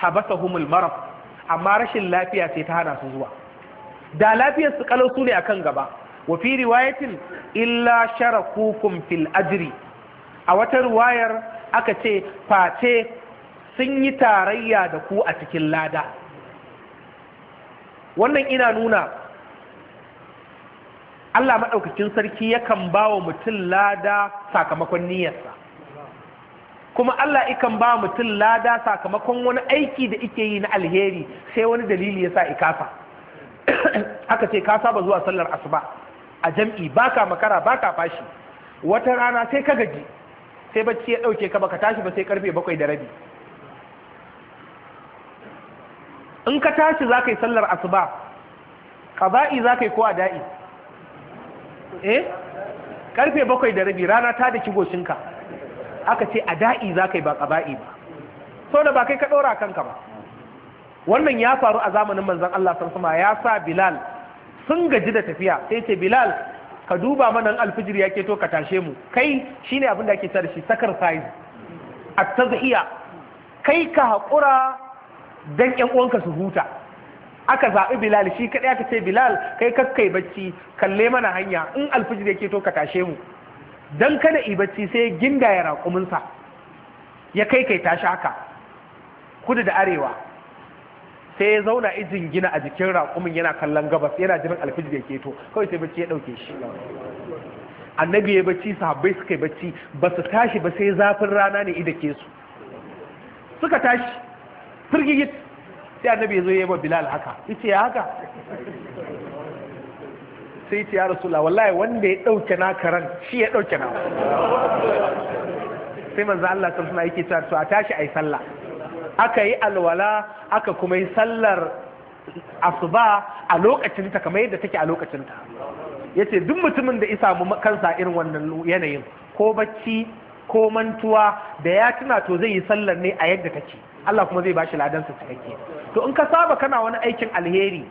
habasahumul marab amma rashin lafiya sai ta hana su zuwa da lafiyar su kalau su ne akan gaba wa fi riwayatin illa sharakukum fil ajri a wata riwayar aka ce face sun yi tarayya da ku a cikin lada wannan ina nuna Allah maɗaukacin sarki yakan ba wa mutum lada sakamakon niyyarsa kuma Allah ikan ba mutum lada sakamakon wani aiki da ike yi na alheri sai wani dalili ya sa ikasa aka ce ka saba zuwa sallar asuba a jam'i baka makara baka fashi wata rana sai ka gaji sai bacci ya ɗauke ka baka tashi ba sai karfe bakwai da rabi in ka tashi za ka yi sallar asuba ƙaba'i za ka yi ko a da'i eh karfe bakwai da rabi rana ta da kigoshinka aka ce a da'i za ka yi ba ƙaba'i ba sau da ba kai ka ɗora kanka ba wannan ya faru a zamanin manzan Allah sama ya sa Bilal sun gaji da tafiya sai ce Bilal ka duba mana alfijir ya to ka tashe mu kai shine abin da ake sa da shi sacrifice at Zaiya. kai ka haƙura don ƴan uwanka su huta aka zaɓi bilal shi kaɗai aka ce bilal kai kakkai bacci kalle mana hanya in alfijir yake to ka tashe mu dan kada i bacci sai ginda ya raƙuminsa ya kai kai tashi haka kudu da arewa sai ya zauna ijin gina a jikin raƙumin yana kallon gabas yana jiran alfijir yake to kawai sai bacci ya ɗauke shi annabi ya bacci sahabbai suka yi bacci ba su tashi ba sai zafin rana ne idake su suka tashi firgigit sai annabi ya zo ya yi wa bilal haka ita ya haka sai ta ya rasula wallahi wanda ya ɗauke na karan shi ya ɗauke na sai manzo Allah sun suna yake cewa to a tashi ai sallah aka yi alwala aka kuma yi sallar asuba a lokacin ta kamar yadda take a lokacinta ta yace duk mutumin da ya samu kansa irin wannan yanayin ko bacci ko mantuwa da ya tuna to zai yi sallar ne a yadda take Allah kuma zai bashi ladansa cikakke to in ka saba kana wani aikin alheri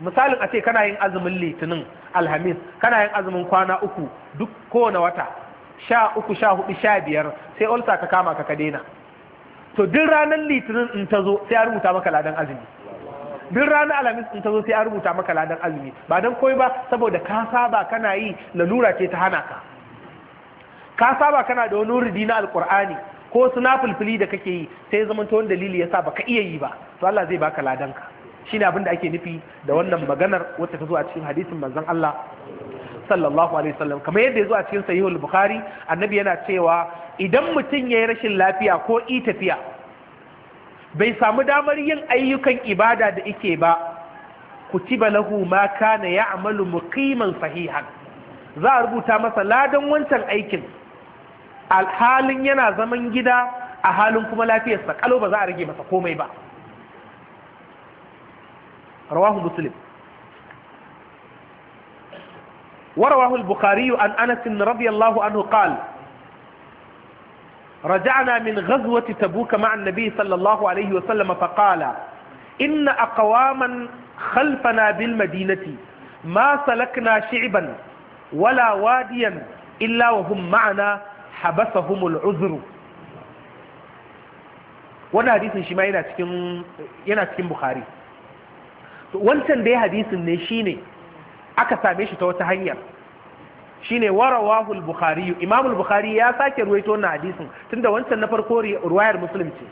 misalin a ce kana yin azumin litinin alhamis kana yin azumin kwana uku duk kowane wata sha uku sha hudu sha biyar sai ulsa ka kama ka kadena daina to duk ranar litinin in ta zo sai a rubuta maka ladan azumi duk ranar alhamis in ta zo sai a rubuta maka ladan azumi ba dan koi ba saboda ka saba kana yi lalura ce ta hana ka ka saba kana da wani wuridi na alkur'ani ko suna nafilfili da kake yi sai zama ta wani dalili yasa baka iya yi ba to Allah zai baka ladanka shine abin da ake nufi da wannan maganar wacce ta zo a cikin hadisin manzan Allah sallallahu alaihi wasallam kamar yadda ya zo a cikin sahihul bukhari annabi yana cewa idan mutum ya yi rashin lafiya ko i tafiya bai samu damar yin ayyukan ibada da ike ba kutiba lahu ma kana amalu muqiman sahihan za a rubuta masa ladan wancan aikin halin yana zaman gida a halin kuma lafiyarsa kalo ba za a rage masa komai ba rawahu muslim ورواه البخاري عن أنس رضي الله عنه قال رجعنا من غزوة تبوك مع النبي صلى الله عليه وسلم فقال إن أقواما خلفنا بالمدينة ما سلكنا شعبا ولا واديا إلا وهم معنا habasahumul uzru wannan hadisin shi ma yana cikin yana cikin bukhari to wancan dai hadisin ne shine aka same shi ta wata hanya shine warawahu al-bukhari imam al-bukhari ya sake ruwaito wannan hadisin tunda wancan na farko ruwayar muslim ce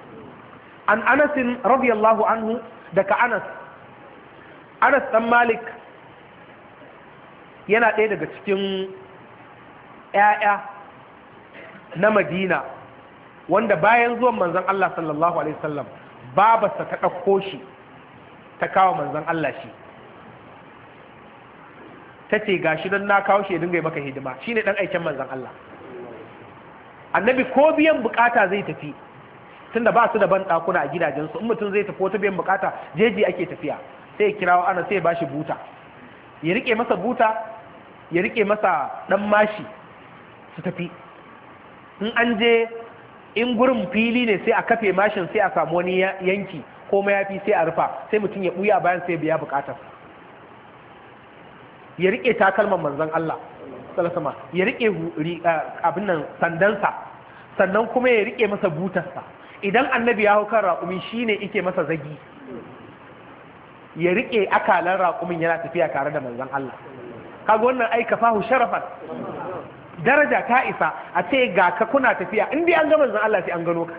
an anas radiyallahu anhu daga anas anas dan malik yana ɗaya daga cikin ƴaƴa na madina wanda bayan zuwan manzon Allah sallallahu alaihi wasallam babarsa ta ɗauko shi ta kawo manzon Allah shi ta ce ga shi don na kawo shi ya dinga maka hidima shi ne ɗan aikin manzan Allah annabi ko biyan bukata zai tafi tunda ba su da ban ɗakuna a gidajensu in mutum zai tafi wata biyan bukata jeji ake tafiya sai ya kirawo ana sai ya ba shi buta ya rike masa buta ya rike masa ɗan mashi su tafi in an je in gurin fili ne sai a kafe mashin sai a samu wani yanki ko mayafi sai a rufa sai mutum ya buya bayan sai biya bukatar ya rike takalman manzon Allah ya rike abin nan sandansa sannan kuma ya rike masa butarsa idan annabi ya hau kan raƙumi shine ike masa zagi ya rike akalan raƙumin yana tafiya tare da manzon Allah kaga wannan ai fahu sharafan daraja ta isa a ce ga ka kuna tafiya in an ga manzon Allah sai an gano ka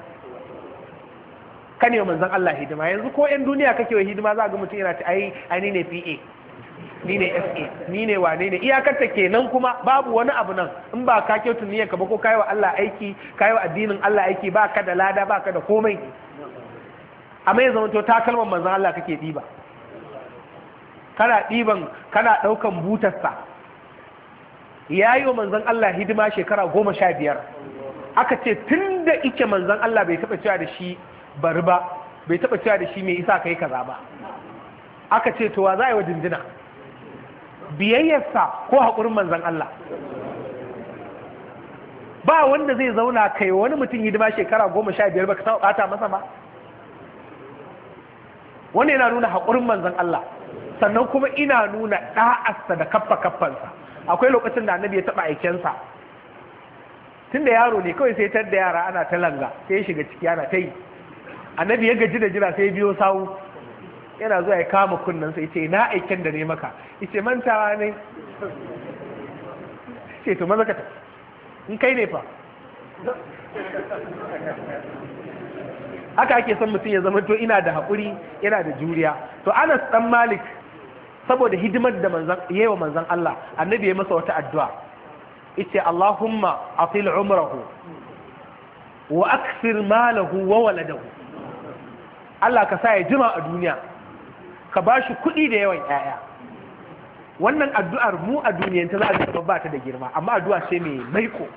ka ne manzon Allah hidima yanzu ko yan duniya kake wa hidima za ga mutum yana ta ai ne ni ne PA ni ne SA ni ne wane ne iyakar ta kenan kuma babu wani abu nan in ba ka kyautu niyan ka ba ko kai wa Allah aiki kai wa addinin Allah aiki ba ka da lada ba ka da komai amma ya zama to takalman manzon Allah kake diba kana ɗiban kana ɗaukan butarsa ya yi wa manzan Allah hidima shekara goma sha biyar aka ce tun da ike manzan Allah bai taɓa cewa da shi bari ba bai taɓa cewa da shi mai isa ka yi kaza ba aka ce to wa za a yi wa jinjina biyayyarsa ko haƙurin manzan Allah ba wanda zai zauna kai wani mutum hidima shekara goma sha biyar ba ka taɓa ɓata masa ba Wani yana nuna haƙurin manzan Allah sannan kuma ina nuna ɗa'asta da kaffa kaffansa akwai lokacin da annabi ya taɓa aikensa tun da yaro ne kawai sai tar da yara ana ta langa sai ya shiga ciki ana ta yi annabi ya gaji da jira sai biyo sawu yana zuwa ya kama kunnen sai ce na aiken da ne maka ice mantawa ne ce to maza ka ta in kai ne fa haka ake son mutum ya zama to ina da haƙuri yana da juriya to anas dan malik saboda hidimar da manzan yawa manzan Allah annabi ya masa wata addu'a yace Allahumma atil umrahu wa akthir malahu wa waladahu Allah ka sa ya jima a duniya ka bashi kuɗi da yawan 'ya'ya. wannan addu'ar mu a ta za a ji ba ta da girma amma addu'a ce mai maiko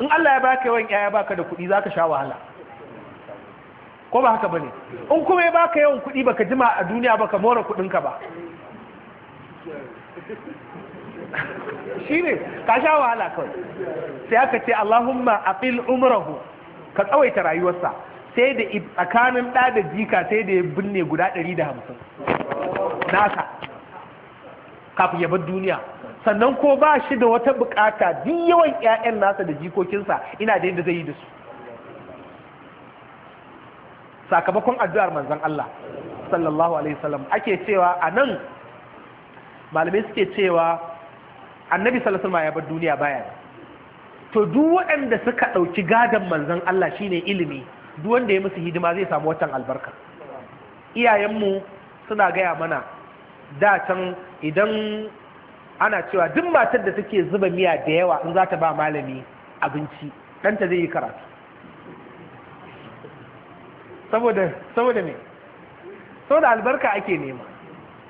in Allah ya baka yawan 'ya'ya baka da kuɗi zaka sha wahala ko ba haka bane in kuma ya baka yawan kuɗi baka jima a duniya baka more kuɗin ka ba shine ka sha wahala kawai sai aka ce Allahumma aqil umrahu ka tsawaita rayuwarsa sai da tsakanin ɗa da jika sai da ya binne guda ɗari da hamsin kafin ya bar duniya sannan ko ba shi da wata bukata duk yawan 'ya'yan nasa da jikokinsa ina da yadda zai yi da su sakamakon addu'ar manzon Allah sallallahu alaihi wasallam ake cewa a nan malamai suke cewa annabi sallallahu alaihi ya bar duniya baya to duk waɗanda suka ɗauki gadon manzon Allah shine ilimi duk wanda ya musu hidima zai samu watan albarka iyayenmu suna gaya mana da idan ana cewa duk matar da take zuba miya da yawa in za ta ba malami abinci ɗanta zai yi karatu saboda saboda me saboda albarka ake nema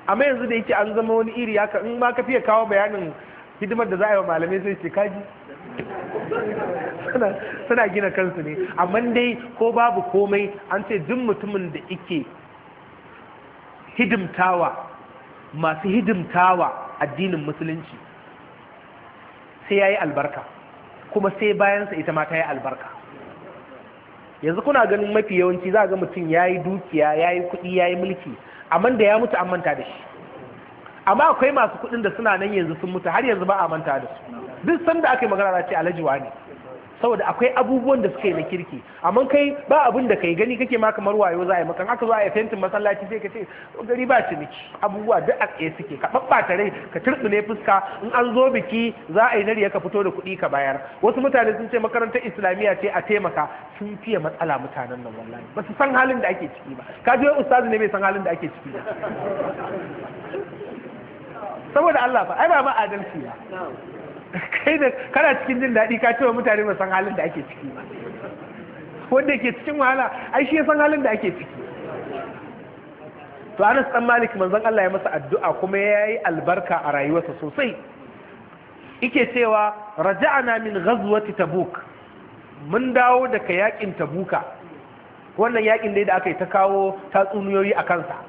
amma yanzu da yake an zama wani iri ka, in ma ka fiye kawo bayanin hidimar da za a yi wa malamai sai ce kaji suna gina kansu ne amma dai ko babu komai an ce duk mutumin da ike hidimtawa masu hidimtawa addinin musulunci sai ya yi albarka kuma sai bayansa ita ma ta yi albarka yanzu kuna ganin mafi yawanci za a ga mutum ya yi dukiya ya yi kuɗi ya yi mulki amma da ya mutu an manta da shi amma akwai masu kuɗin da suna nan yanzu sun mutu har yanzu ba a manta da su duk sanda aka yi magana za ce alhaji ne saboda akwai abubuwan da suka yi na kirki amma kai ba abin da kai gani kake ma kamar wayo za a yi maka aka zo a yi fentin masallaci sai ka ce gari ba ciniki abubuwa duk a tsaye suke ka babbata rai ka ne fuska in an zo biki za a yi nariya ka fito da kuɗi ka bayar wasu mutane sun ce makarantar islamiyya ce a taimaka sun fiye matsala mutanen nan wallahi ba su san halin da ake ciki ba ka je ustazi ne bai san halin da ake ciki ba saboda Allah fa ai ba ma adalci ba kai da kana cikin jin daɗi ka cewa mutane ba san halin da ake ciki ba wanda ke cikin wahala ai shi san halin da ake ciki to Anas dan Malik manzon Allah ya masa addu'a kuma yayi albarka a rayuwarsa sosai ike cewa raja'ana min ghazwati tabuk mun dawo daga yakin tabuka wannan yakin da aka yi ta kawo tatsuniyoyi a kansa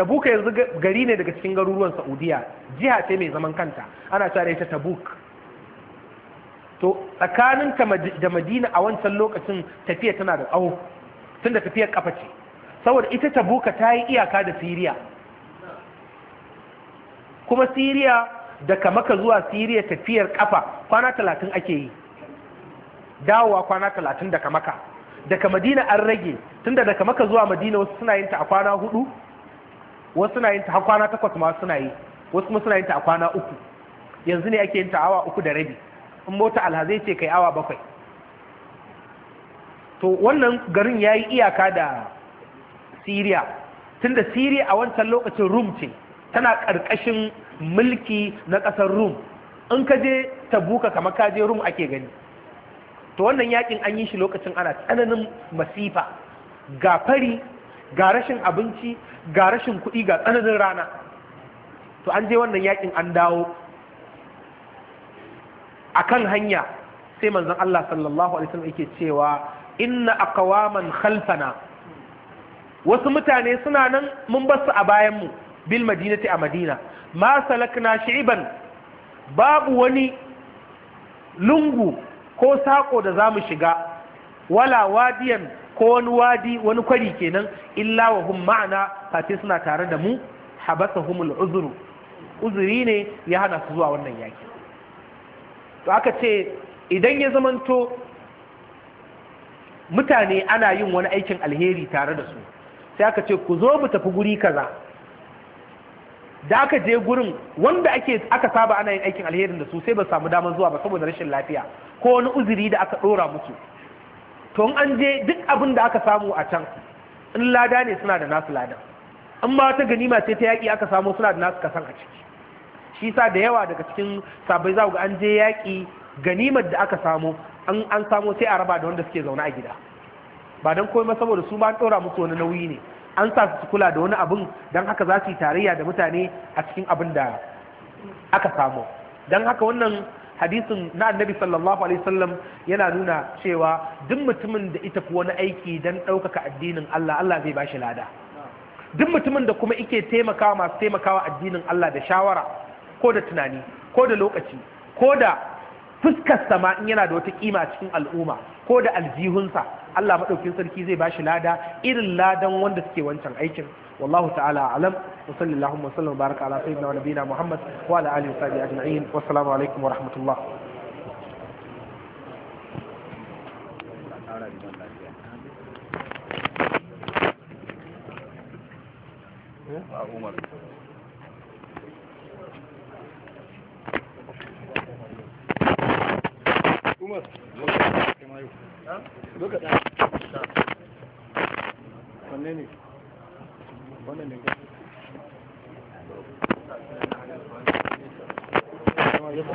tabuk yanzu gari ne daga cikin garuruwan saudiya jiha ce mai zaman kanta ana tare ta tabuk to tsakanin da madina a wancan lokacin tafiya tana da tsawo tun da tafiyar kafa ce saboda ita tabuka ta yi iyaka da siriya kuma siriya daga maka zuwa siriya tafiyar kafa kwana talatin ake yi dawowa kwana talatin daga maka daga madina an rage tun da daga maka zuwa madina wasu suna yin a kwana hudu wasu na yin ta har kwana takwas ma suna yi wasu suna yin ta a kwana uku yanzu ne ake yin ta awa uku da rabi in mota alhazai ce kai awa bakwai to wannan garin ya yi iyaka da siriya tunda siriya a wancan lokacin rum ce tana ƙarƙashin mulki na ƙasar rum in ka je tabuka kamar ka je rum ake gani to wannan yakin an yi shi lokacin ana tsananin masifa ga fari ga rashin abinci ga rashin kuɗi ga tsananin rana to an je wannan yakin an dawo a kan hanya sai manzon Allah sallallahu alaihi wasallam yake cewa inna aqwaman khalfana wasu mutane suna nan mun bar a bayan mu bil madinati a madina ma salakna shi'iban babu wani lungu ko sako da zamu shiga wala wadiyan ko wani wadi wani kwari kenan illa wa hum ma'ana fati suna tare da mu habasahumul uzuru uzuri ne ya hana su zuwa wannan yaki to aka ce idan ya zamanto mutane ana yin wani aikin alheri tare da su sai aka ce ku zo mu tafi guri kaza da aka je gurin wanda ake aka saba ana yin aikin alherin da su sai ba samu damar zuwa ba saboda rashin lafiya ko wani uzuri da aka dora musu to an je duk abin da aka samu a can in lada ne suna da nasu ladan in ma wata ganima ce ta yaƙi aka samu suna da nasu kasan a ciki shi sa da yawa daga cikin sabai za ku an je yaƙi ganimar da aka samu an samu sai a raba da wanda suke zaune a gida ba don komai saboda su ma an ɗora musu wani nauyi ne an sa su kula da wani abin don haka za su yi tarayya da mutane a cikin abin da aka samu don haka wannan hadisin na annabi sallallahu alaihi wasallam yana nuna cewa duk mutumin da ita fi wani aiki dan ɗaukaka addinin Allah Allah zai bashi lada duk mutumin da kuma ike taimakawa masu taimakawa addinin Allah da shawara ko da tunani ko da lokaci ko da fuskar sama in yana da wata kima cikin al'umma ko da aljihunsa Allah madaukin sarki zai bashi lada irin ladan wanda suke wancan aikin wallahu ta'ala alam wa sallallahu wa sallam baraka ala sayyidina wa nabiyina muhammad wa ala alihi wa sahbihi ajma'in wa assalamu alaikum wa rahmatullah Umar. umar duka ɗaya wanne ne wannan ne wannan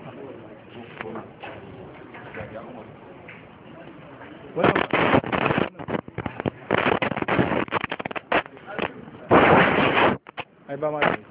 fa Bye-bye.